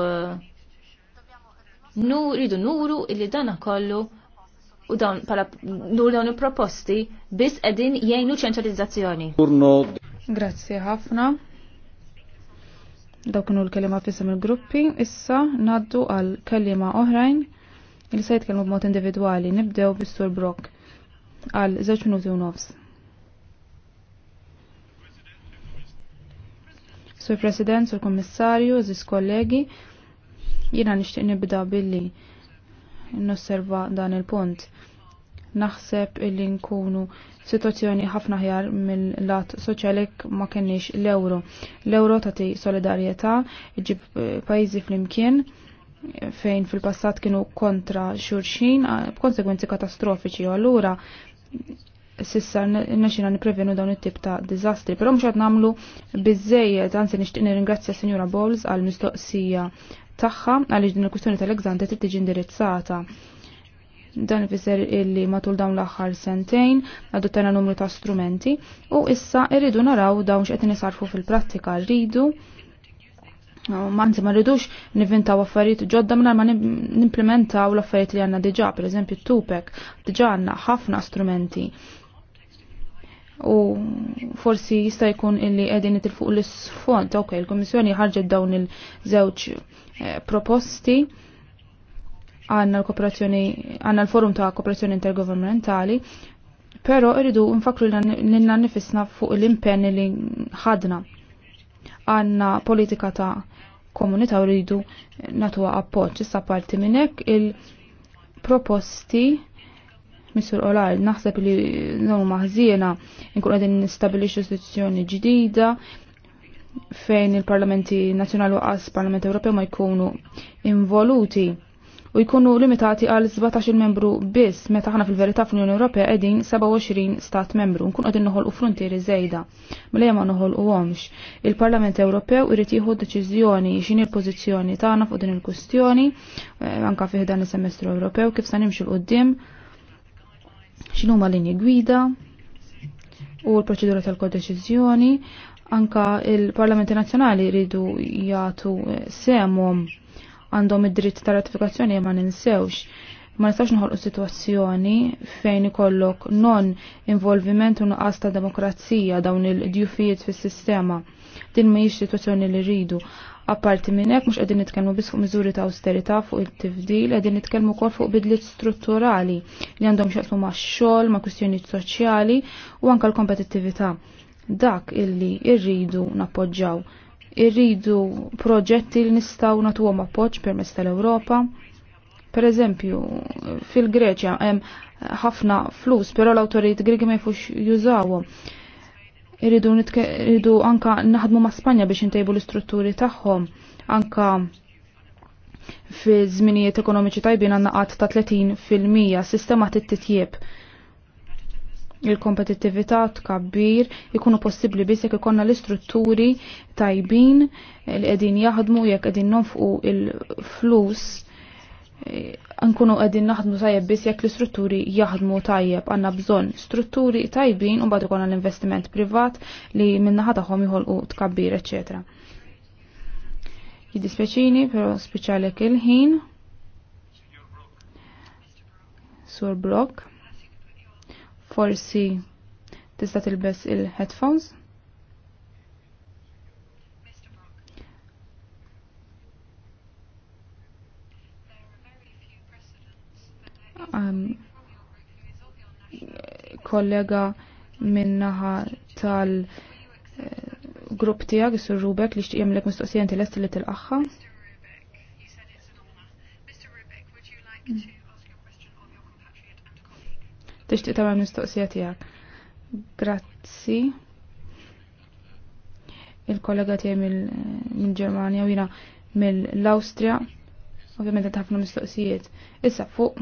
eh, nu rridu nuru illi dana kollu u dawn pala nur dawn il-proposti biss edin jgħinu ċentralizzazzjoni. Grazzi ħafna. Dawk kienu l-kelima fisem il-gruppi, issa naddu għal kelima oħrajn li se jitkellmu b'mod individwali. Nibdew bis-Sur Brock għal żewġ minuti u nofs. Sur President, Sur Kommissarju, Ziz kollegi, jiena nixtieq nibda billi nosserva dan il-punt. Naħseb illi nkunu situazzjoni ħafna ħjar mill-lat soċjalik ma kenniex l-euro. L-euro tagħti solidarjetà, ġib eh, pajjiżi flimkien eh, fejn fil-passat kienu kontra xurxin b'konsekwenzi katastrofiċi u allura sissa n-naxina n-prevenu dawn it-tip ta' dizastri. Pero mxad namlu bizzejiet, għansi nishtiqni ringrazzja Signora Bowles għal mistoqsija tagħha għaliex din il-kwistjoni tal-egzante trid tiġi indirizzata. Dan ifisser illi matul dawn l-aħħar sentejn adottajna numru ta' strumenti u issa irridu naraw dawn x'qed nisarfu fil-prattika rridu Manzi ma rridux nivintaw affarijiet ġodda minn ma nimplementaw l-affarijiet li għanna diġa, per eżempju t-tupek, diġa għanna ħafna strumenti u forsi jista' jkun illi qegħdin fuq l-isfond. Ok, il kummissjoni ħarġet dawn il-żewġ eh, proposti għanna l-kooperazzjoni għanna l-forum ta' kooperazzjoni intergovernmentali, però irridu nfakru l-na nifisna fuq l-impenni li ħadna għanna politika ta' komunità u rridu natuwa appoġġ. Issa parti minnek il-proposti Missur Olaj, naħseb li nomu maħżiena nkun għadin nistabilix istituzzjoni ġdida fejn il-parlamenti nazjonali għas parlament Ewropew ma jkunu involuti u jkunu limitati għal 17 membru biss meta ħana fil-verità fl-Unjoni Ewropea qegħdin 27 stat membru nkun qegħdin noħolqu frontieri żejda mlejja u noħolquhomx. Il-Parlament Ewropew irid jieħu deċiżjoni x'inhi l-pożizzjoni tagħna fuq din il-kwistjoni eh, anke fih dan is-semestru Ewropew kif sa nimxu l-qudiem xinu ma linji gwida u l-proċedura tal-kodeċizjoni anka il-Parlamenti Nazzjonali ridu jgħatu semhom għandhom id-dritt ta' ratifikazzjoni ma ninsewx ma nistax nħolqu situazzjoni fejn ikollok non involviment u nuqqas ta' demokrazija dawn il-djufijiet fis-sistema. Din mhijiex situazzjoni li rridu. Apparti minn hekk mhux qegħdin nitkellmu biss fuq miżuri ta' austerità fuq it-tifdil, qegħdin nitkellmu wkoll fuq bidliet strutturali li għandhom xaqsmu max-xogħol, ma' kwistjonijiet soċjali u anke l-kompetittività. Dak illi rridu nappoġġjaw Irridu proġetti li nistgħu nagħtuhom appoġġ permezz tal-Ewropa. Per eżempju, fil-Greċja hemm ħafna flus, però l-awtorijiet Griegi ma jfux jużawhom Irridu irridu anka naħdmu ma' Spanja biex intejbu l-istrutturi tagħhom anka fi żminijiet ekonomiċi tajbin għandna qatt ta' 30 fil-mija sistema titjib il-kompetittività tkabbir ikunu possibbli biss jekk ikonna l-istrutturi tajbin li qegħdin jaħdmu jekk qegħdin nonfqu il-flus nkunu għedin naħdmu tajjeb biss jekk l-istrutturi jaħdmu tajjeb għanna bżonn strutturi tajbin u bad ikun l-investiment privat li minnaħa tagħhom u tkabbir, eċetera. Jiddispjaċini, però speċali il-ħin. Sur blok, Forsi tista' tilbes il-headphones. kollega minnaħa tal-grupp eh, tijak, Sir Rubek, li xtiqjem l-ek mistoqsijan til-est li aħħa axħa Tixtiq tamam mistoqsija tijak. Grazzi. Il-kollega tijaj mill-Germania u jina mill-Austria. Ovvijament, ħafna mistoqsijiet. Issa fuq.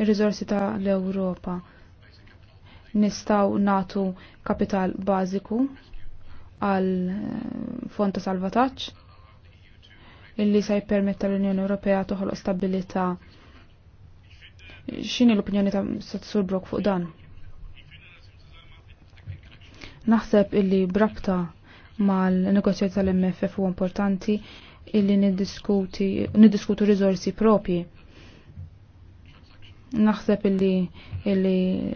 ir-riżorsi ta' l-Ewropa. Nistaw natu kapital bażiku għal eh, fond ta' salvataġġ illi se jippermetta l-Unjoni Ewropea toħloq stabilità. X'inhi l-opinjoni ta' Sur Brok fuq dan? Naħseb illi brabta mal-negozjat tal-MFF u importanti illi niddiskuti, niddiskutu rizorsi propi. Naħseb illi illi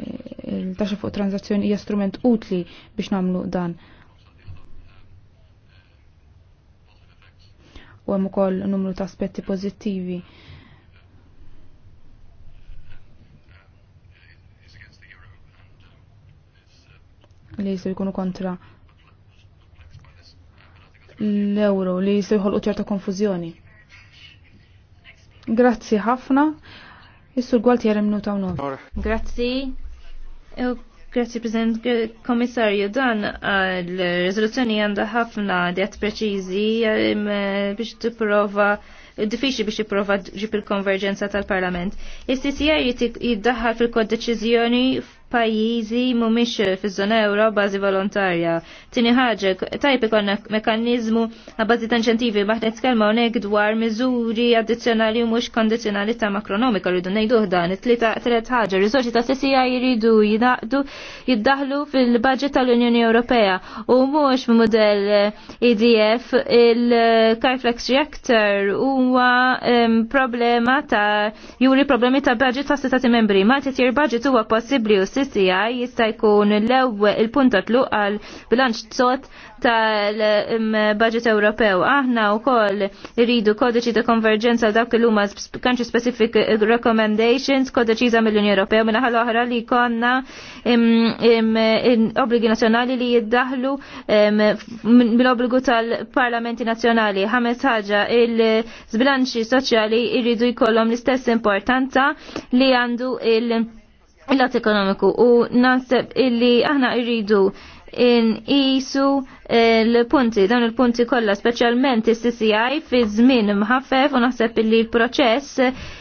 il-taxa fuq tranzazzjoni hija strument utli biex nagħmlu dan. U hemm ukoll numru ta' aspetti pożittivi. li jisu jkunu kontra l-euro li jisu ċerta konfużjoni. Grazzi ħafna Jissur Gualtier imnuta u nov. Grazzi. Eh, grazzi, President Komissarju, dan eh, l-rezoluzzjoni għanda ħafna diet preċizi eh, biex t-prova diffiċli biex jipprova ġib il-konverġenza tal-Parlament. Is-CCR jiddaħħal fil-kod deċizjoni pajjiżi mhumiex fiż-żona euro bażi volontarja. Tieni ħaġa, tajb ikonna mekanizmu bażi ta' inċentivi maħna nitkellmu hawnhekk dwar miżuri addizzjonali u mhux kondizzjonali ta' makronomika rridu ngħiduh dan. It-tlieta tliet ħaġa, riżorsi ta' sessija jridu jingħaqdu jiddaħlu fil-budget tal-Unjoni Ewropea u mhux modell EDF il-Carflex Reactor huwa problema ta' juri problemi ta' budget ta' stati membri. Malti tier budget huwa possibbli u l jista' jkun l-ewwel il-punt tluq għal bilanċ tsot tal-budget Ewropew. Aħna wkoll iridu kodiċi ta' konverġenza dak li huma country specific recommendations za' mill-Unjoni Ewropew minna ħal oħra li konna obbligi nazzjonali li jiddaħlu mill-obbligu tal-parlamenti nazzjonali. Ħames ħaġa il-zbilanċi soċjali jridu jkollhom l-istess importanza li għandu il- il-lat ekonomiku u naħseb illi aħna irridu in isu eh, l-punti, dawn il-punti kollha speċjalment is-CCI fi żmien mħaffef u naħseb li l-proċess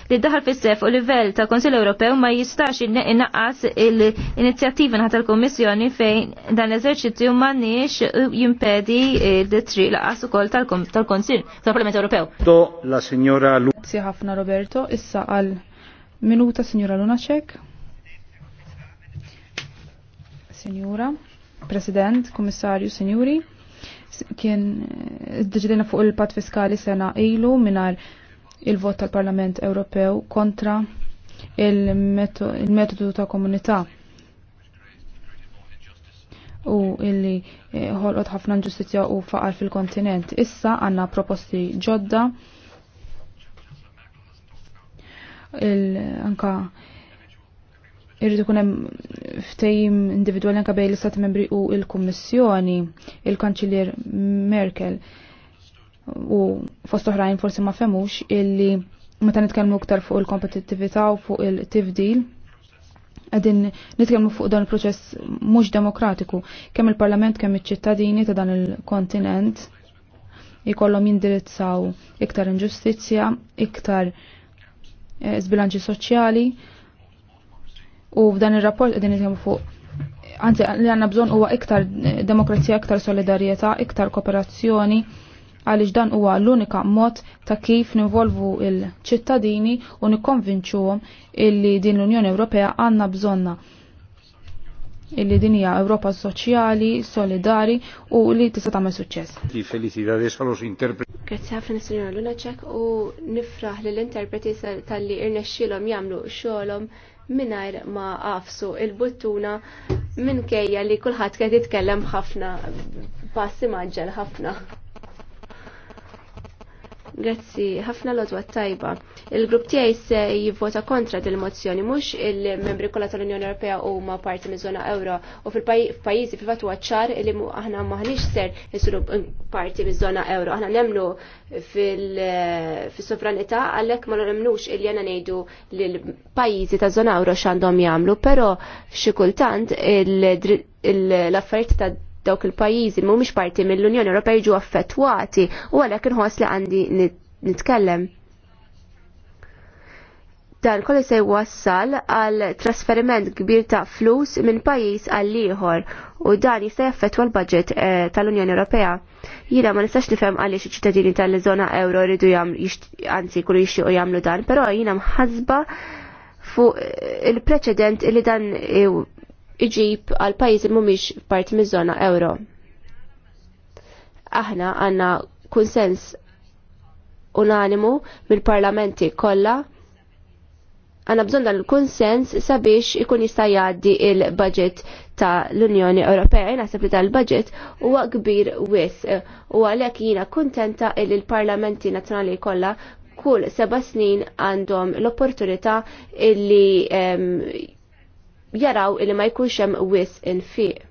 li daħal fis-sef u livell ta' Konsil Ewropew ma jistax innaqqas l-inizjattiva naħat tal-Kommissjoni fejn dan l ma m'għandniex eh, jimpedi d-tri laqas ukoll tal-Konsil tal-Parlament Ewropew. Do la signora Lu. ħafna Roberto, issa għal minuta signora Lunacek. Senjura, President, Komissarju, Senjuri, kien d deġidina fuq il-pat fiskali sena ilu minar il-vot tal-Parlament Ewropew kontra il-metodu ta' komunità u illi eh, ħolqot ħafna ġustizja u faqar fil-kontinent. Issa għanna proposti ġodda il-anka Irridu kunem ftejim individuali anka bej l-Istati membri u il-Kommissjoni, il-Kanċilier Merkel u fost oħrajn forsi ma femux illi meta nitkellmu iktar fuq il-kompetittività u fuq il-tifdil għedin nitkellmu fuq dan il-proċess mhux demokratiku. Kemm il-Parlament kemm iċ-ċittadini ta' dan il-kontinent jkollhom jindirizzaw iktar inġustizzja, iktar eh, zbilanċi soċjali u f'dan ir-rapport qegħdin nitkellmu fuq anzi li għandna bżonn huwa iktar demokrazija, iktar solidarjetà, iktar kooperazzjoni għaliex dan huwa l-unika mod ta' kif nivolvu il-ċittadini u nikkonvinċuhom illi din l-Unjoni Ewropea għandna bżonna illi din hija Ewropa soċjali, solidari u li tista' tagħmel suċċess. Grazie Grazzi ħafna Sinjora Lunaċek u nifraħ lill interpreti tal-li irnexxilhom jagħmlu xogħolhom minnajr ma għafsu il-buttuna minkejja li kulħadd kien jitkellem ħafna passi maġġel ħafna. Grazzi, ħafna lodwa tajba. Il-grupp tiegħi se jivvota kontra dil-mozzjoni mhux il-membri kollha tal-Unjoni Ewropea huma parti miż-żona euro u fil pajizi fil fatt ċar li aħna maħniex ser isiru parti miż-żona euro. Aħna nemnu fil-sovranità għalhekk ma nemnux illi jena ngħidu l pajjiżi ta' żona euro xandom jagħmlu, pero xi kultant l-affarijiet ta' dawk il-pajjiżi mhumiex parti mill-Unjoni Ewropea jiġu affettwati u għalhekk inħoss li għandi nitkellem. Dan kollu se jwassal għal trasferiment kbir ta' flus minn pajjiż għal ieħor u dan jista' jaffettwa l-budget eh, tal-Unjoni Ewropea. Jiena ma nistax nifhem għaliex iċ-ċittadini tal-żona euro jridu anzi jkunu jixtiequ jagħmlu dan, però jiena mħasba fuq il-preċedent li dan iġib għal pajjiżi mhumiex parti miż-żona euro. Aħna għandna kunsens unanimu mill-parlamenti kollha għanna bżon dan il-konsens sabiex ikun jista' jgħaddi il-budget ta' l-Unjoni Ewropea. Naħseb li dan il-budget huwa kbir wis u għalhekk jiena kuntenta li l-parlamenti nazzjonali kollha kull seba' snin għandhom l-opportunità illi jaraw illi ma jkunx hemm wis infiq.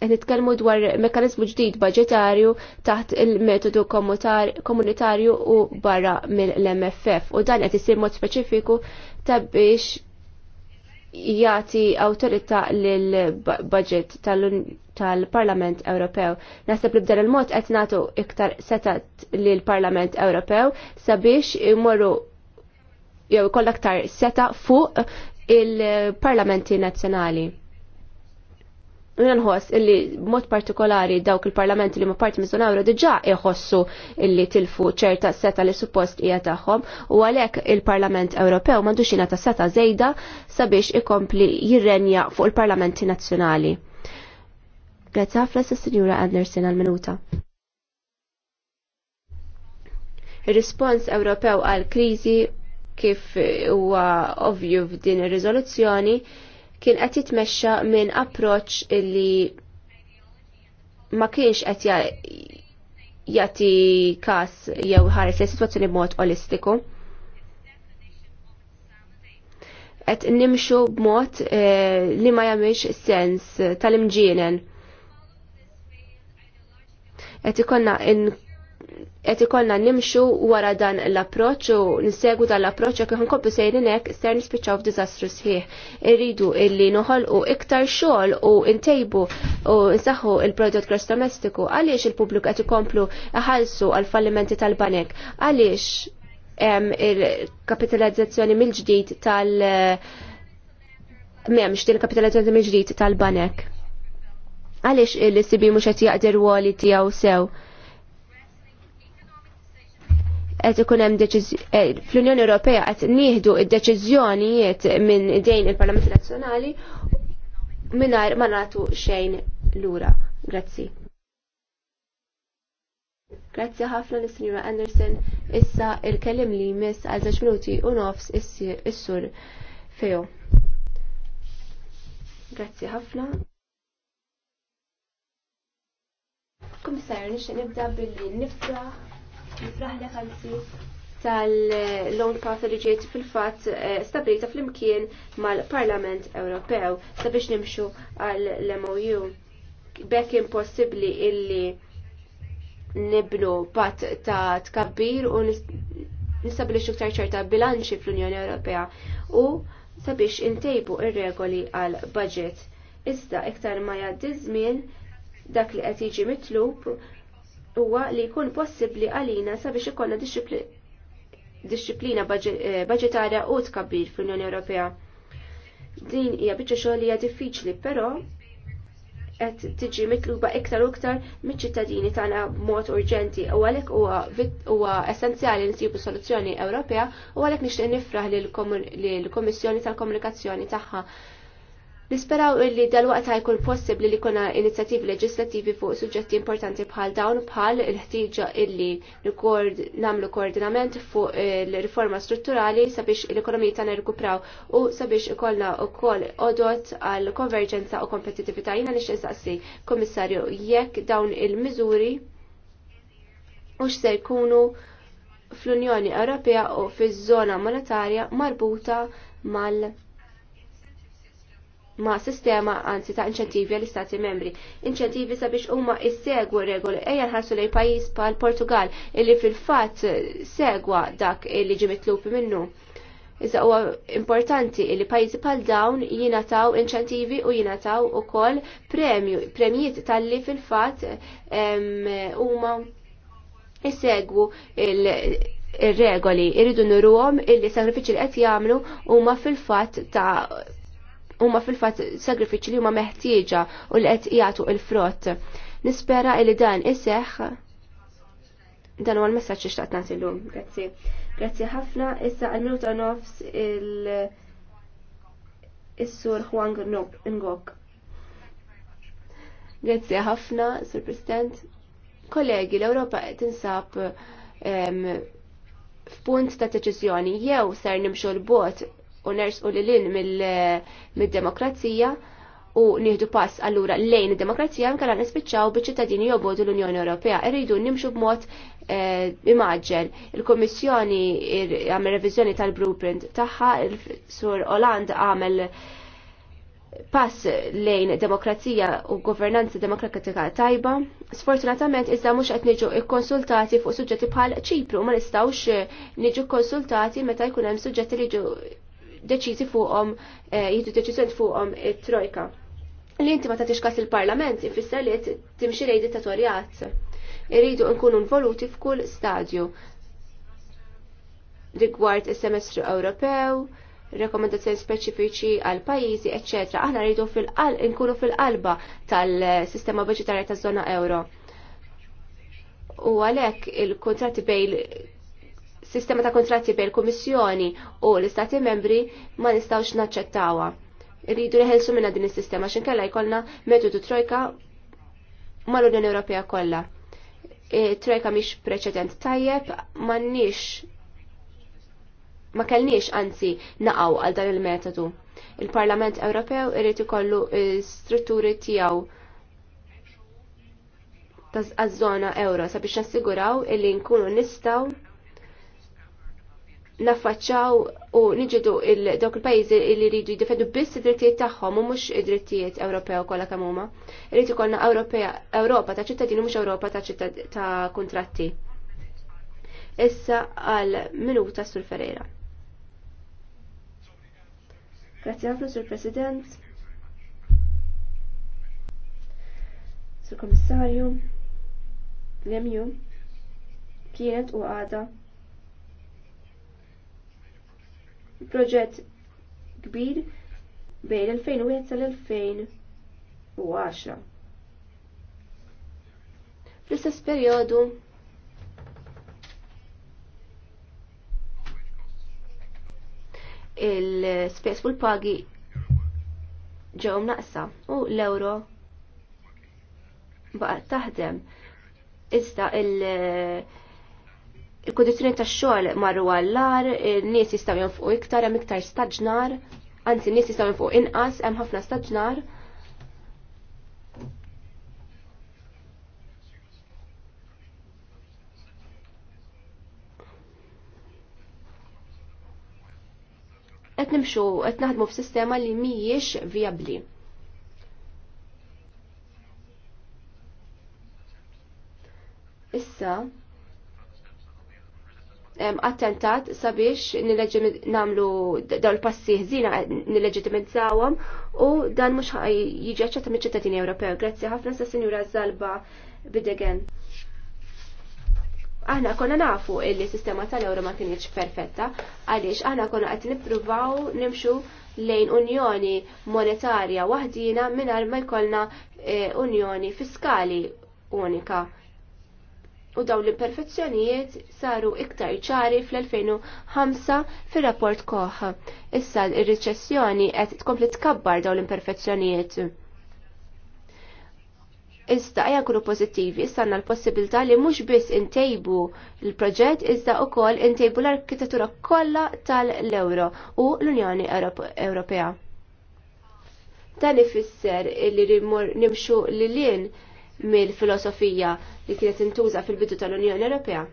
Qed nitkellmu dwar mekkaniżmu ġdid budġetarju taħt il-metodu komunitarju u barra mill-MFF u dan qed isir mod speċifiku ta' biex jagħti awtorità lil budget tal-Parlament Ewropew. Naħseb li b'dan il-mod qed nagħtu iktar setat l Parlament Ewropew sabiex imorru jew ikollha aktar seta fuq il-parlamenti nazzjonali. Jena nħoss illi mod partikolari dawk il-parlamenti li ma parti mizzon għawra diġa iħossu illi tilfu ċerta seta li suppost hija tagħhom u għalhekk il-Parlament Ewropew m'għandux jingħata seta żejda sabiex ikompli jirrenja fuq il-parlamenti nazzjonali. Grazzi ħafna sa sinjura Andersen għal-minuta ir-rispons Ewropew għal kriżi kif huwa ovvju f'din ir-riżoluzzjoni kien qed jitmexxa minn approċċ li ma kienx qed jagħti każ jew ħares is-sitwazzjoni b'mod olistiku. Qed nimxu b'mod eh, li ma jagħmilx sens tal-imġienen. Qed ikollna qed ikollna nimxu wara dan l-approċċ u nissegu dan l-approċċ jekk inkomplu sejrin hekk ser nispiċċaw f'diżastru sħiħ. Irridu illi noħolqu iktar xogħol u ntejbu u nsaħħu il-prodott gross domestiku għaliex il-pubbliku qed ikomplu ħalsu għal fallimenti tal-banek. Għaliex il-kapitalizzazzjoni mill-ġdid tal- memx din kapitalizzazzjoni mill-ġdid tal-banek. Għaliex il-sibi mhux qed u woli tiegħu sew qed ikun hemm eh, fl-Unjoni Ewropea qed nieħdu id-deċiżjonijiet minn dejn il-Parlament Nazzjonali mingħajr ma nagħtu xejn lura. Grazzi. Grazzi ħafna lis-Sinjura Anderson. Issa il-kellim li jmiss għal żewġ minuti u nofs is-sur fejo. Grazzi ħafna. Komissarju, nixtieq nibda billi nifraħ tal-Lone Path li ġiet fil-fatt eh, stabilita fl-imkien mal-Parlament Ewropew sabiex nimxu għal-MOU. Bekk impossibbli illi nibnu pat ta' tkabbir u nistabilixxu xuktar ċerta bilanċi fl-Unjoni Ewropea u sabiex intejbu ir-regoli għal budget. Iżda iktar ma jgħaddi żmien dak li qed jiġi mitlub huwa li jkun possibbli għalina sabiex ikollna disċiplina budgetarja eh, u tkabbir fl-Unjoni Ewropea. Din hija biċċa xogħol hija diffiċli, però qed tiġi mitluba iktar u iktar miċ-ċittadini tagħna b'mod urġenti u għalhekk huwa essenzjali nsibu soluzzjoni Ewropea u għalhekk nixtieq nifraħ lill-Kummissjoni tal-Komunikazzjoni tagħha Nisperaw illi dal-waqt jkun possibli li kuna inizjattivi leġislativi fuq suġġetti importanti bħal dawn bħal il-ħtieġa illi namlu koordinament fuq il-riforma strutturali sabiex l-ekonomija tagħna rikupraw u sabiex ikollna wkoll odot għal konverġenza u kompetitività. Jiena nix insaqsi, Kummissarju, jekk dawn il-miżuri u se jkunu fl-Unjoni Ewropea u fiż-żona monetarja marbuta mal- ma' sistema anzi ta' inċentivi għall istati membri. Inċentivi sabiex huma issegwu regoli ejja nħarsu lej pajjiż bħal Portugal illi fil-fatt segwa dak illi ġi mitlupi minnu. Iżda huwa importanti li pajjiżi bħal dawn jingħataw inċentivi u jingħataw ukoll premju, premjiet talli fil-fatt huma isegwu il- ir-regoli irridu il illi sagrifiċi li qed jagħmlu huma fil-fatt ta' huma fil-fatt sagrifiċi li huma meħtieġa u li qed jagħtu l-frott. Nispera li dan iseħħ dan huwa l-messaġġ li xtaqt nagħti llum. Grazzi. Grazzi ħafna. Issa għal-minuta nofs il- is-sur Huang Ngok. Grazzi ħafna, Sur President. Kollegi, l-Ewropa tinsab f'punt ta' deċiżjoni jew ser nimxu l-bot u nersqu li lin mill-demokrazija u nieħdu pass allura lejn id-demokrazija nkella nispiċċaw biċ-ċittadini jobodu l-Unjoni Ewropea. Irridu nimxu b'mod eh, imaġġel. Il-Kummissjoni għamel reviżjoni tal-blueprint tagħha, sur Oland għamel pass lejn demokrazija u governanza demokratika tajba. Sfortunatament iżda mhux qed niġu ikkonsultati fuq suġġetti bħal Ċipru ma nistgħux niġu konsultati meta jkun hemm suġġetti li jiġu deċiżi fuqhom eh, jiġu deċiżjoni fuqhom it-trojka. Li inti ma tagħtix każ il-Parlament ifisser li timxi lejn dittatorjat. Irridu nkunu involuti f'kull stadju rigward is-semestru Ewropew, rekomendazzjoni speċifiċi għal pajjiżi, etc. Aħna rridu nkunu fil-qalba tal-sistema budġetarja taż-żona euro. U għalhekk il-kuntratti bejn sistema ta' kontratti bejn kummissjoni u l-Istati membri ma nistawx naċċettawha. Irridu neħelsu minna din is-sistema x'inkella jkollna metodu trojka l unjoni Ewropea kollha. E, trojka mhix preċedent tajjeb, m'għandniex ma kellniex anzi naqgħu għal dan il-metodu. Il-Parlament Ewropew irid ikollu strutturi tiegħu għaż żona euro sabiex nassiguraw illi nkunu nistgħu naffaċċaw u niġġidu dawk il-pajjiżi li jridu jiddefendu biss id-drittijiet tagħhom u mhux id-drittijiet Ewropew kollha kemm huma. Irid ikollna Ewropa ta' ċittadini mhux Ewropa ta' ta' kuntratti. Issa għal minuta Sur Ferreira. Grazie ħafna Sur President. Sur Komissarju. Lemju. Kienet u għada proġett kbir bejn 2001 sal-2010. Fl-istess periodu il-spess fu l pagi ġew naqsa u l-euro baqa taħdem. Iżda il- il-kondizjoni ta' xogħol marru għallar, n-nies jistgħu jonfqu iktar, hemm iktar staġnar, anzi n-nies jistgħu jonfqu inqas, hemm ħafna staġnar. Qed nimxu qed naħdmu f'sistema li mhijiex vijabbli. Issa, attentat sabiex namlu daw l-passi ħzina nileġitimizzawhom u dan mhux jiġi aċċettat ta' ċittadini Ewropew. Grazzi ħafna sa Sinjura Zalba bidegen. Aħna konna nafu illi sistema tal-Euro ma kienx perfetta għaliex aħna konna qed nippruvaw nimxu lejn unjoni monetarja waħdina mingħajr ma jkollna eh, unjoni fiskali unika u daw l-imperfezzjonijiet saru iktar ċari fl-2005 fil-rapport Koch. Issa l reċessjoni qed tkompli tkabbar daw l-imperfezzjonijiet. Issa għajan kunu pozittivi, issa għanna l-possibilità li mux biss intejbu l-proġett, iżda u koll intejbu l-arkitettura kollha tal-Euro u l-Unjoni Ewropea. Dan ifisser li nimxu l lin mill-filosofija li kienet intuża fil-bidu tal-Unjoni Ewropea.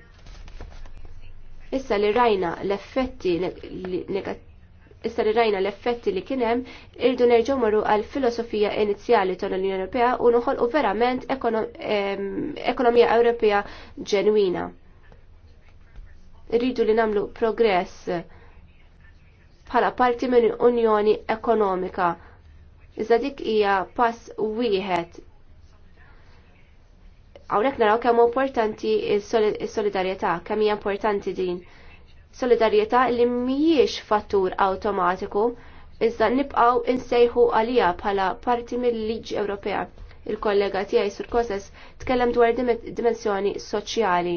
Issa li rajna l-effetti Issa li rajna l-effetti li kienem, irdu nerġgħu marru għal filosofija inizjali tal-Unjoni Ewropea u noħolqu verament ekonomija Ewropea ġenwina. Rridu li namlu progress bħala parti minn Unjoni Ekonomika. Iżda dik hija pass wieħed Hawnhekk naraw kemm importanti il solidarjetà kemm hija importanti din. Solidarjetà li mhijiex fattur awtomatiku iżda nibqaw insejħu għalija bħala parti mill liġ Ewropea. Il-kollega tiegħi sur Koses tkellem dwar dimensjoni soċjali.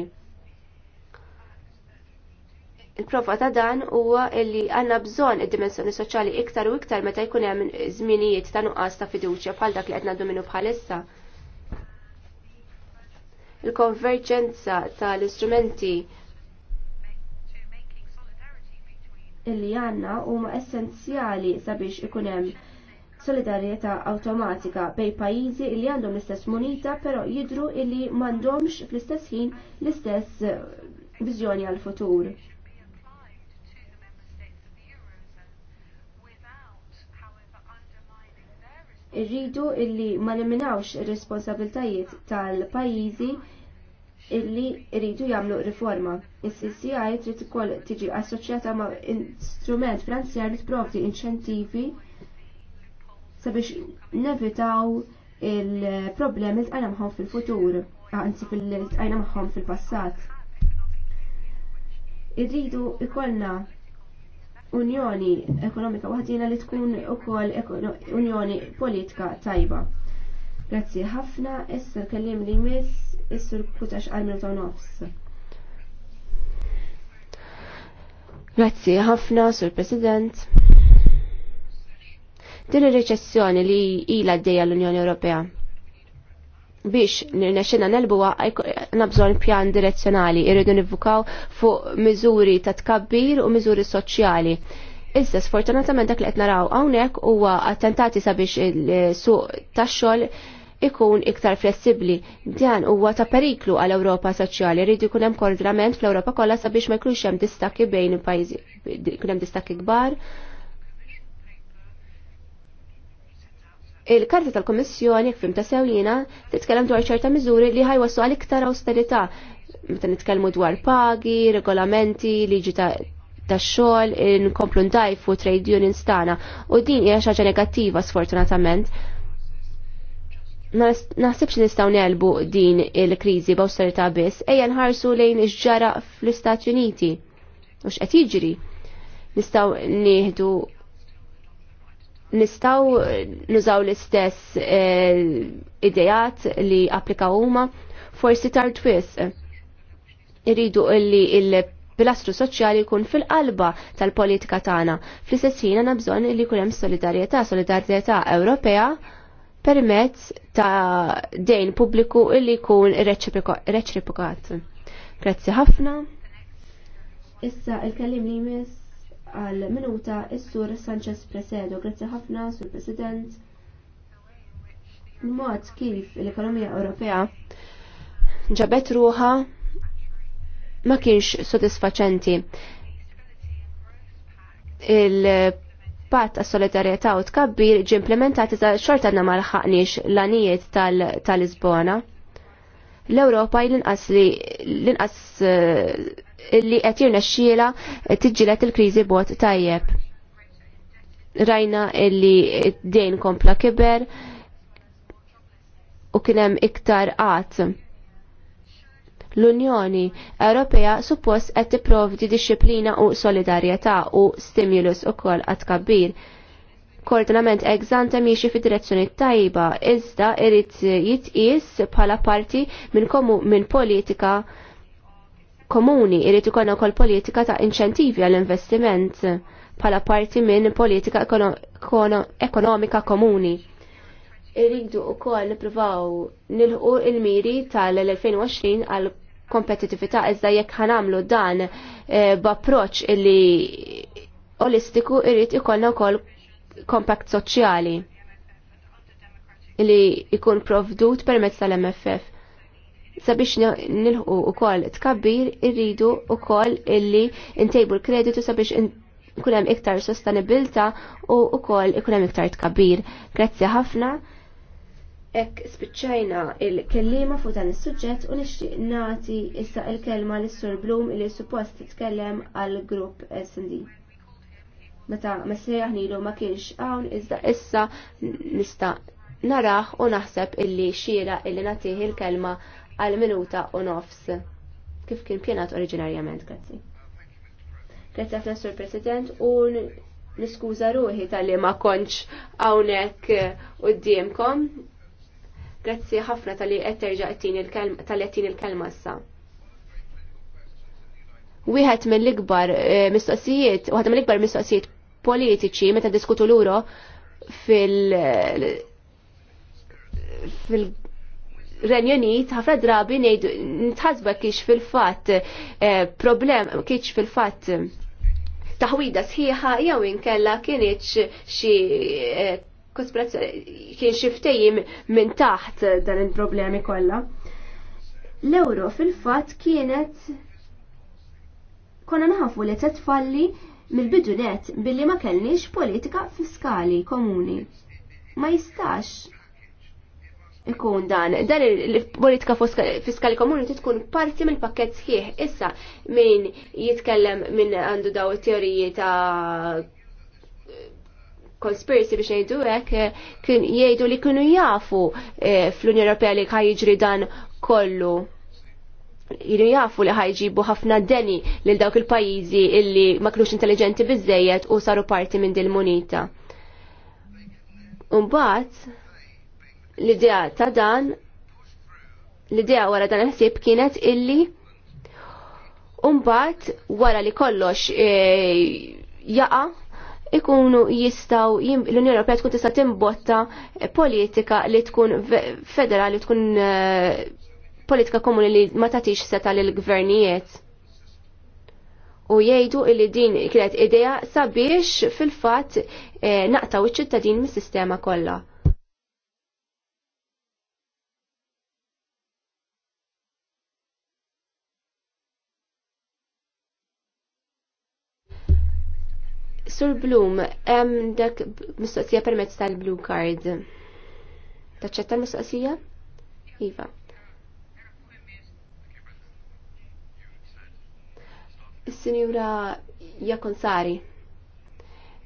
Il-prova ta' dan huwa li għandna bżonn id-dimensjoni soċjali iktar u iktar meta jkun hemm żminijiet ta' nuqqas ta' fiduċja bħal dak li qed ngħidu minnu bħalissa il-konverġenza tal-istrumenti illi għanna huma essenzjali sabiex ikun hemm solidarjetà awtomatika bejn pajjiżi li għandhom l-istess munita però jidhru illi m'għandhomx fl-istess ħin l-istess eh, viżjoni għall futur Irridu illi ma liminawx ir-responsabiltajiet tal-pajjiżi illi rridu jagħmlu riforma. Is-CCI trid ukoll tiġi assoċjata ma' instrument finanzjar li tprovdi inċentivi sabiex nevitaw il-problemi li tqajna magħhom fil-futur, anzi fil-tqajna magħhom fil-passat. Irridu ikollna unjoni ekonomika waħdina li tkun ukoll unjoni politika tajba. Grazzi ħafna, issa kellim li miss, issur kutax għalmin ta' nofs. Grazzi ħafna, sur President. Din ir-reċessjoni li ila d-dejja l-Unjoni Ewropea biex nirnexxina nelbuha nabżon pjan direzzjonali, irridu nivvukaw fuq miżuri ta' tkabbir u miżuri soċjali. Issa sfortunatament dak li qed naraw hawnhekk huwa attentati sabiex il-suq tax-xogħol ikun iktar flessibbli. Dan huwa ta' periklu għal Ewropa soċjali. Rridu jkun hemm koordinament fl-Ewropa kollha sabiex ma jkunx hemm distakki bejn il pajjiżi, jkun hemm distakki kbar Il-karta tal-Komissjoni, kfim ta' sewlina, titkellem dwar ċerta miżuri li ħajwassu għal iktar austerità. Meta nitkellmu dwar pagi, regolamenti, liġi ta' tax-xogħol inkomplu ndajfu trade unions tagħna u din hija xi ħaġa negattiva sfortunatament. Naħsibx nistgħu nelbu din il-kriżi b'awsterità biss, ejja nħarsu lejn iġġara fl-Istati Uniti. U x'qed jiġri? Nistgħu nieħdu nistaw nużaw l-istess eh, idejat li applikaw huma forsi tar twis. Iridu illi il-pilastru soċjali jkun fil-qalba tal-politika tagħna. Fl-istess ħin għandna bżonn li jkun hemm solidarjetà, solidarjetà Ewropea permezz ta' dejn pubbliku illi jkun reċiprokat. Grazzi ħafna. Issa il-kellim li jmiss għal minuta is-sur Sanchez Presedo. Grazzi ħafna, sur President. Il-mod kif l-ekonomija Ewropea ġabet ruħa ma kienx sodisfaċenti. Il-pat ta' solidarjetà u tkabbir ġi implementati ta' xorta għandna ma laħaqniex l-anijiet tal-Lisbona. Tal l-Ewropa l-inqas li l-inqas eh, li qed jirnexxiela tiġilet il-kriżi bot tajjeb. Rajna illi dejn kompla kiber u kien hemm iktar qatt. L-Unjoni Ewropea suppost qed tipprovdi disċiplina u solidarjetà u stimulus ukoll għat kabbir koordinament eżante miexi fid-direzzjoni tajba, iżda irid jitqis bħala parti minn min politika komuni, irid ikonna kol politika ta' inċentivi għall-investiment bħala parti minn politika ekonomika komuni. Irridu wkoll nippruvaw nilħu il-miri tal-2020 għal kompetitività iżda jekk ħanamlu dan eh, b'approċċ illi olistiku irrid ikollna wkoll kompakt soċjali li jkun provdut permezz tal-MFF. Sabiex nilħu u kol tkabbir irridu u kol illi intejbu l-kreditu sabiex ikunem iktar sostenibilta u u kol ikunem iktar tkabbir. Grazzi ħafna. Ek spiċċajna il-kellima fuq dan is-suġġett u nixtieq nagħti issa il-kelma lis sur Blum li suppost titkellem għall grupp SD meta messejjaħ nilu ma kienx hawn iżda issa nista' naraħ u naħseb illi xiela illi natih il-kelma għal minuta u nofs kif kien pjanat oriġinarjament, grazzi. Grazzi għafna sur President u niskuza ruħi tal-li ma konċ għawnek u d-diemkom. Grazzi ħafna tal-li għetterġa tal il-kelma s-sa wieħed mill-ikbar eh, mistoqsijiet, waħda mill-ikbar mistoqsijiet politiċi meta diskutu l-uro fil fil Renjonit ħafna drabi ngħidu nitħasba kiex fil-fatt eh, problem kiex fil-fatt taħwida sħiħa jew inkella kienet xi eh, kospirazzjoni kien xi ftejim minn taħt dan il-problemi kollha. L-euro fil-fatt kienet konna naħafu li tfalli mill-bidu net billi ma kellniex politika fiskali komuni. Ma jistax ikun dan. Dan il-politika fiskali komuni tkun parti mill pakket sħiħ. Issa min jitkellem minn għandu daw teoriji ta' conspiracy biex jgħidu hekk jgħidu li kienu jafu eh, fl-Unjoni Ewropea li ħaj jiġri dan kollu jiru jafu li ħajġibu ħafna deni lil dawk il-pajizi illi ma kienux intelligenti bizzejet u saru parti minn dil-munita. Umbat, l-idea ta' dan, l-idea wara dan il-ħsib kienet illi Umbat, wara li kollox e, jaqa, ikunu jistaw, l-Unjoni Ewropea tkun tista' timbotta politika li tkun federali, tkun e, politika komuni li ma tatix seta l gvernijiet u jgħidu illi din kienet idea sabiex fil-fatt e, eh, naqtaw iċ-ċittadin mis-sistema kollha. Sur Bloom, hemm dak mistoqsija permezz tal-blue card. Taċċetta l-mistoqsija? Iva. Sinjura Jakon Sari.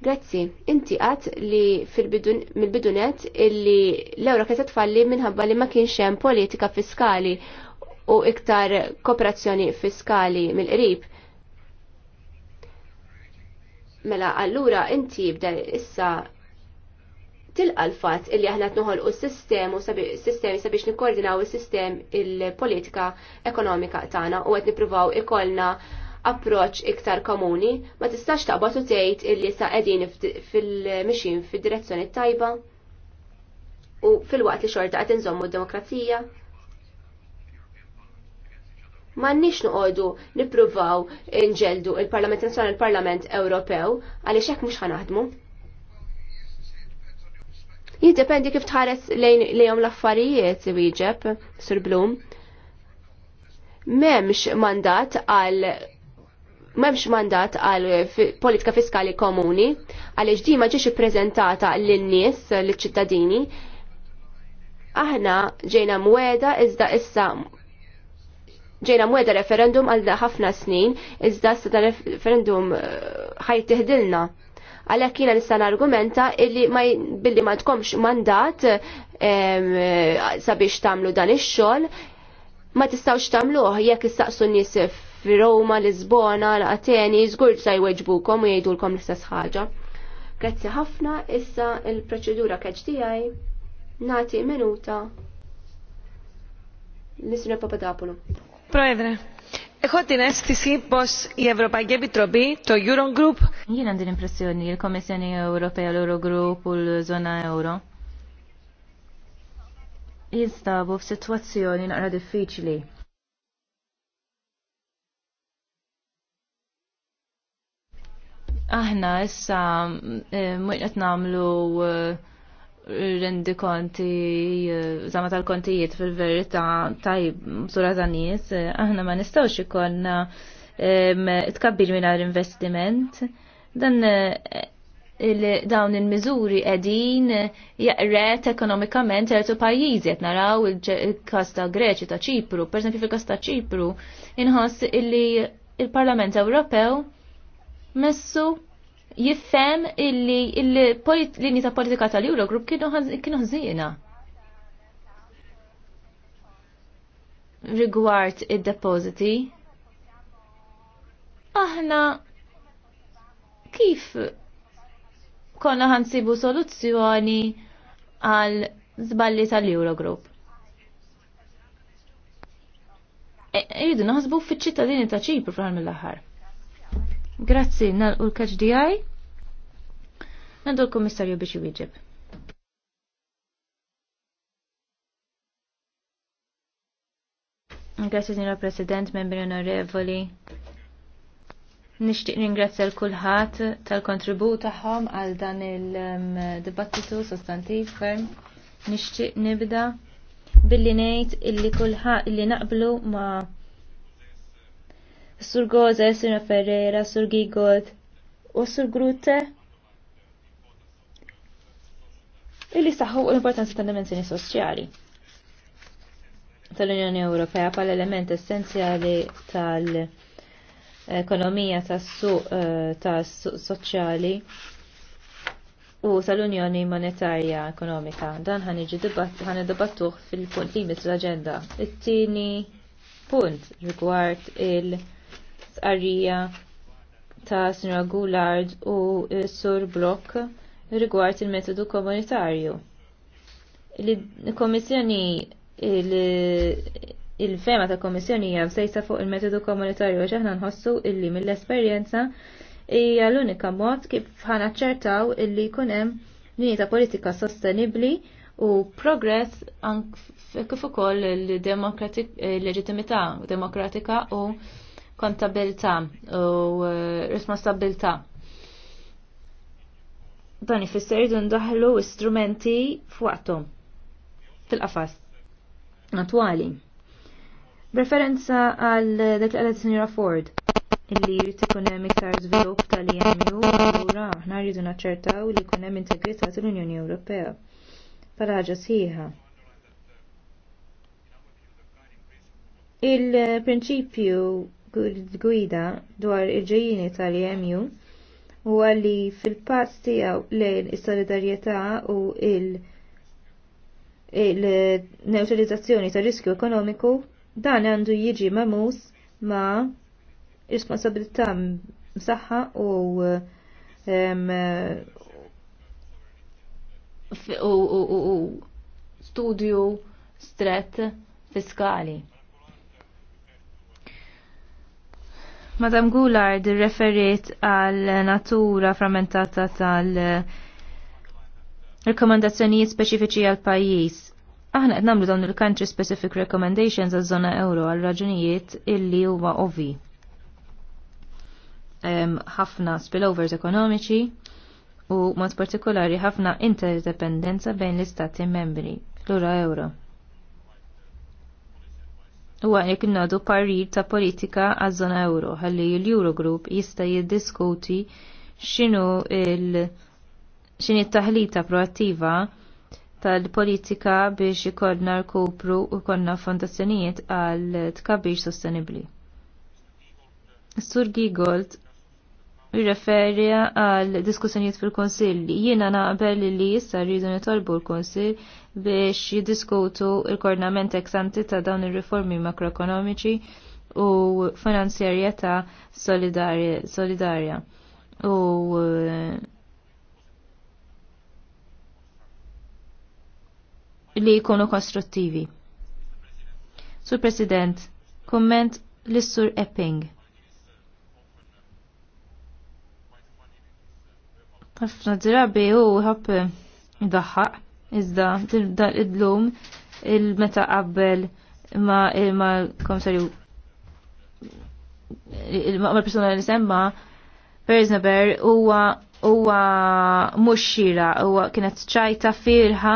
Grazzi, inti għat li fil-bidunet illi l-ewra kħetet falli minħabba li ma kienx hemm politika fiskali u iktar kooperazzjoni fiskali mill-qrib. Mela, allura inti bda issa tilqa l-fat illi aħna tnuħolqu s-sistem u s-sistemi sabiex nikkoordinaw is-sistem il-politika ekonomika tagħna u qed nippruvaw ikollna approċ iktar komuni, ma tistax taqbad u tgħid illi sa qegħdin fil-mixin fid-direzzjoni tajba u fil-waqt li xorta qed inżommu d-demokrazija. Ma nix nuqodu nippruvaw nġeldu il-Parlament Nazzjonali il-Parlament Ewropew għaliex hekk mhux ħanaħdmu. Jiddependi kif tħares lejn lejhom l-affarijiet wieġeb, Sur Blum. Memx mandat għal memx mandat għal politika fiskali komuni, għaliex di ma ġiex ippreżentata lin-nies, lill-ċittadini. Aħna ġejna mweda iżda issa ġejna mweda referendum għal ħafna snin, iżda issa referendum eh, ħajtiħdilna. tiħdilna. Għalhekk jiena nista' argumenta illi ma billi ma tkomx mandat eh, sabiex tagħmlu dan ix-xogħol, ma tistawx tagħmluh jekk istaqsu nies fi Roma, Lisbona, l-Ateni, żgur sa jweġbukom u jgħidulkom l-istess ħaġa. Grazzi ħafna, issa il-proċedura keċ tiegħi Nati minuta l-Isra Papadopoulou. Proedre, Eħotin estisi pos i Evropajge bitrobi to Eurogroup. Jien għandin impressjoni il-Komissjoni Ewropea l-Eurogroup u l-Zona Euro. Jinstabu f'sitwazzjoni naqra diffiċli aħna issa eh, qed nagħmlu eh, rendi konti, eh, zama tal-kontijiet fil-verita tajb sura zaniet, aħna ma nistawx ikonna tkabbil minn investiment dan dawn il-mizuri edin jaqret ekonomikament ċertu pajjiżi qed naraw il kasta ta' Greċi ta' Ċipru, per fil kasta ta' Ċipru inħoss illi il-Parlament Ewropew messu jiffem illi il-linji ta' politika tal-Eurogroup kienu ħżina. Rigward id-depositi. Aħna kif konna ħansibu soluzzjoni għal zballi tal-Eurogroup? E, irridu naħsbu fiċ-ċittadini ta' ċipru fl-ħar mill-aħħar. Grazzi, nalqu l-KHDI. Nandu l-Komissarju biex jwieġeb. Grazzi, Signora President, membri onorevoli. Nishtiq ringrazzja l-kulħat tal-kontribut tagħhom għal dan il-dibattitu um, sostantiv ferm. Nishtiq nibda billi ngħid illi kulħadd illi naqblu ma' Sur Goza, Sina Ferreira, Sur Gigot, u Sur Grute. Illi saħħu l-importanza tal-dimensjoni soċjali tal-Unjoni Ewropea pal element essenzjali tal-ekonomija tas-suq eh, tas soċjali u tal-Unjoni Monetarja Ekonomika. Dan ħan ħanidibattuh fil-punt li l-aġenda. It-tieni punt rigward il- għarrija ta' Sra Goulard u Sur Block rigward il-metodu komunitarju. Il-Komissjoni il-fema ta' komissjoni hija msejsa fuq il-metodu komunitarju għax aħna nħossu illi mill-esperjenza hija l-unika mod kif ħana ċertaw illi jkun hemm ta' politika sostenibbli u progress kif ukoll il leġittimità demokratika u kontabilità u eh, responsabilità. Dan ifisser jridu ndaħlu istrumenti f'waqthom fil-qafas attwali. Referenza għal dak li għalet Sinjora Ford illi jrid ikun hemm iktar żvilupp tal-EMU allura aħna rridu naċċertaw li jkun hemm integrità tal-Unjoni Ewropea bħala ħaġa sħiħa. Il-prinċipju gwida dwar il-ġejjini tal-EMU u għalli fil-pass tijaw lejn is-solidarjetà u il- il-neutralizzazzjoni riskju ekonomiku dan għandu jiġi mamus ma' responsabilità msaħħa u studju stret fiskali. Madam Goulard referit għal natura frammentata tal eh, rekomendazzjonijiet speċifiċi għal pajjiż. Aħna qed nagħmlu dawn il-country specific recommendations għal żona euro għal raġunijiet illi huwa ovvi. Ħafna spillovers ekonomiċi u mod partikolari ħafna interdependenza bejn l-istati membri fl-ura euro u għajek nnodu parir ta' politika għaż-żona euro ħalli l-Eurogroup jista' jiddiskuti x'inhu il- x'inhi t-taħlita proattiva tal-politika biex ikollna rkupru u konna fondazzjonijiet għal tkabbir sostenibbli. Sur Gigold jirreferi għal diskussjonijiet fil-Konsill. Jiena naqbel li issa rridu nitolbu l-Konsill biex jiddiskutu il-kornament eksanti ta' dawn ir-riformi makroekonomiċi u finanzjarja ta' solidarja. U eh, li jkunu konstruttivi. Sur President, komment l-Sur Epping. ħafna drabi u ħab daħħa iżda dan id-lum il-meta qabbel ma ma komissarju ma persona li semma Perznaber huwa huwa mhux xira huwa kienet ċajta firħa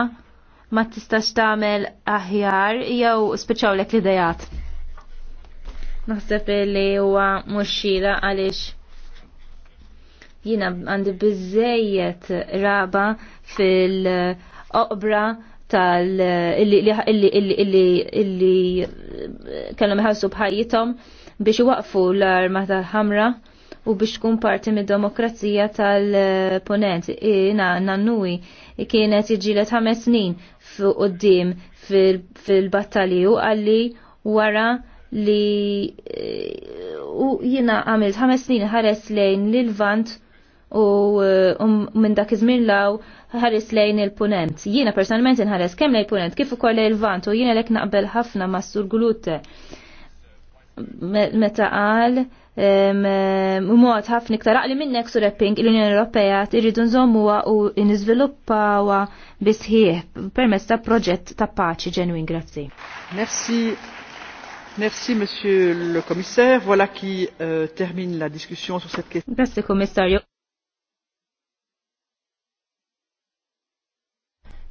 ma tistax tagħmel aħjar jew spiċċawlek l-idejat. Naħseb li huwa muxxira għaliex Jina għandi bizzejiet raba fil-oqbra tal illi kellhom iħassu bħajjithom biex iwaqfu l arma tal ħamra u biex tkun parti mid-demokrazija tal-ponent. Ina nannuji kienet iġilet ħames snin fuq qoddim fil u għalli wara li u jina għamilt ħames snin ħares lejn l vant u uh, um, minn dak iż-żmien law ħares lejn il-punent. Jiena personalment inħares kemm lejn il-punent kif ukoll il-vant u jiena lek naqbel ħafna ma' sur glute. Meta qal mod ħafna iktar aqli minnek sur epping l-Unjoni Ewropea irridu nżommuha u niżviluppawha bisħieħ permezz ta' proġett ta' paċi ġenwin grazzi. Merci. Merci, Monsieur le Commissaire. Voilà qui euh, termine la discussion sur cette question. Merci, Commissario.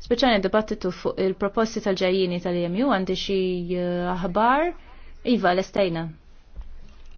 speċjalment dibattitu fuq il-proposti tal-ġajjini tal-EMU għandi xi eh, aħbar iva l-estejna.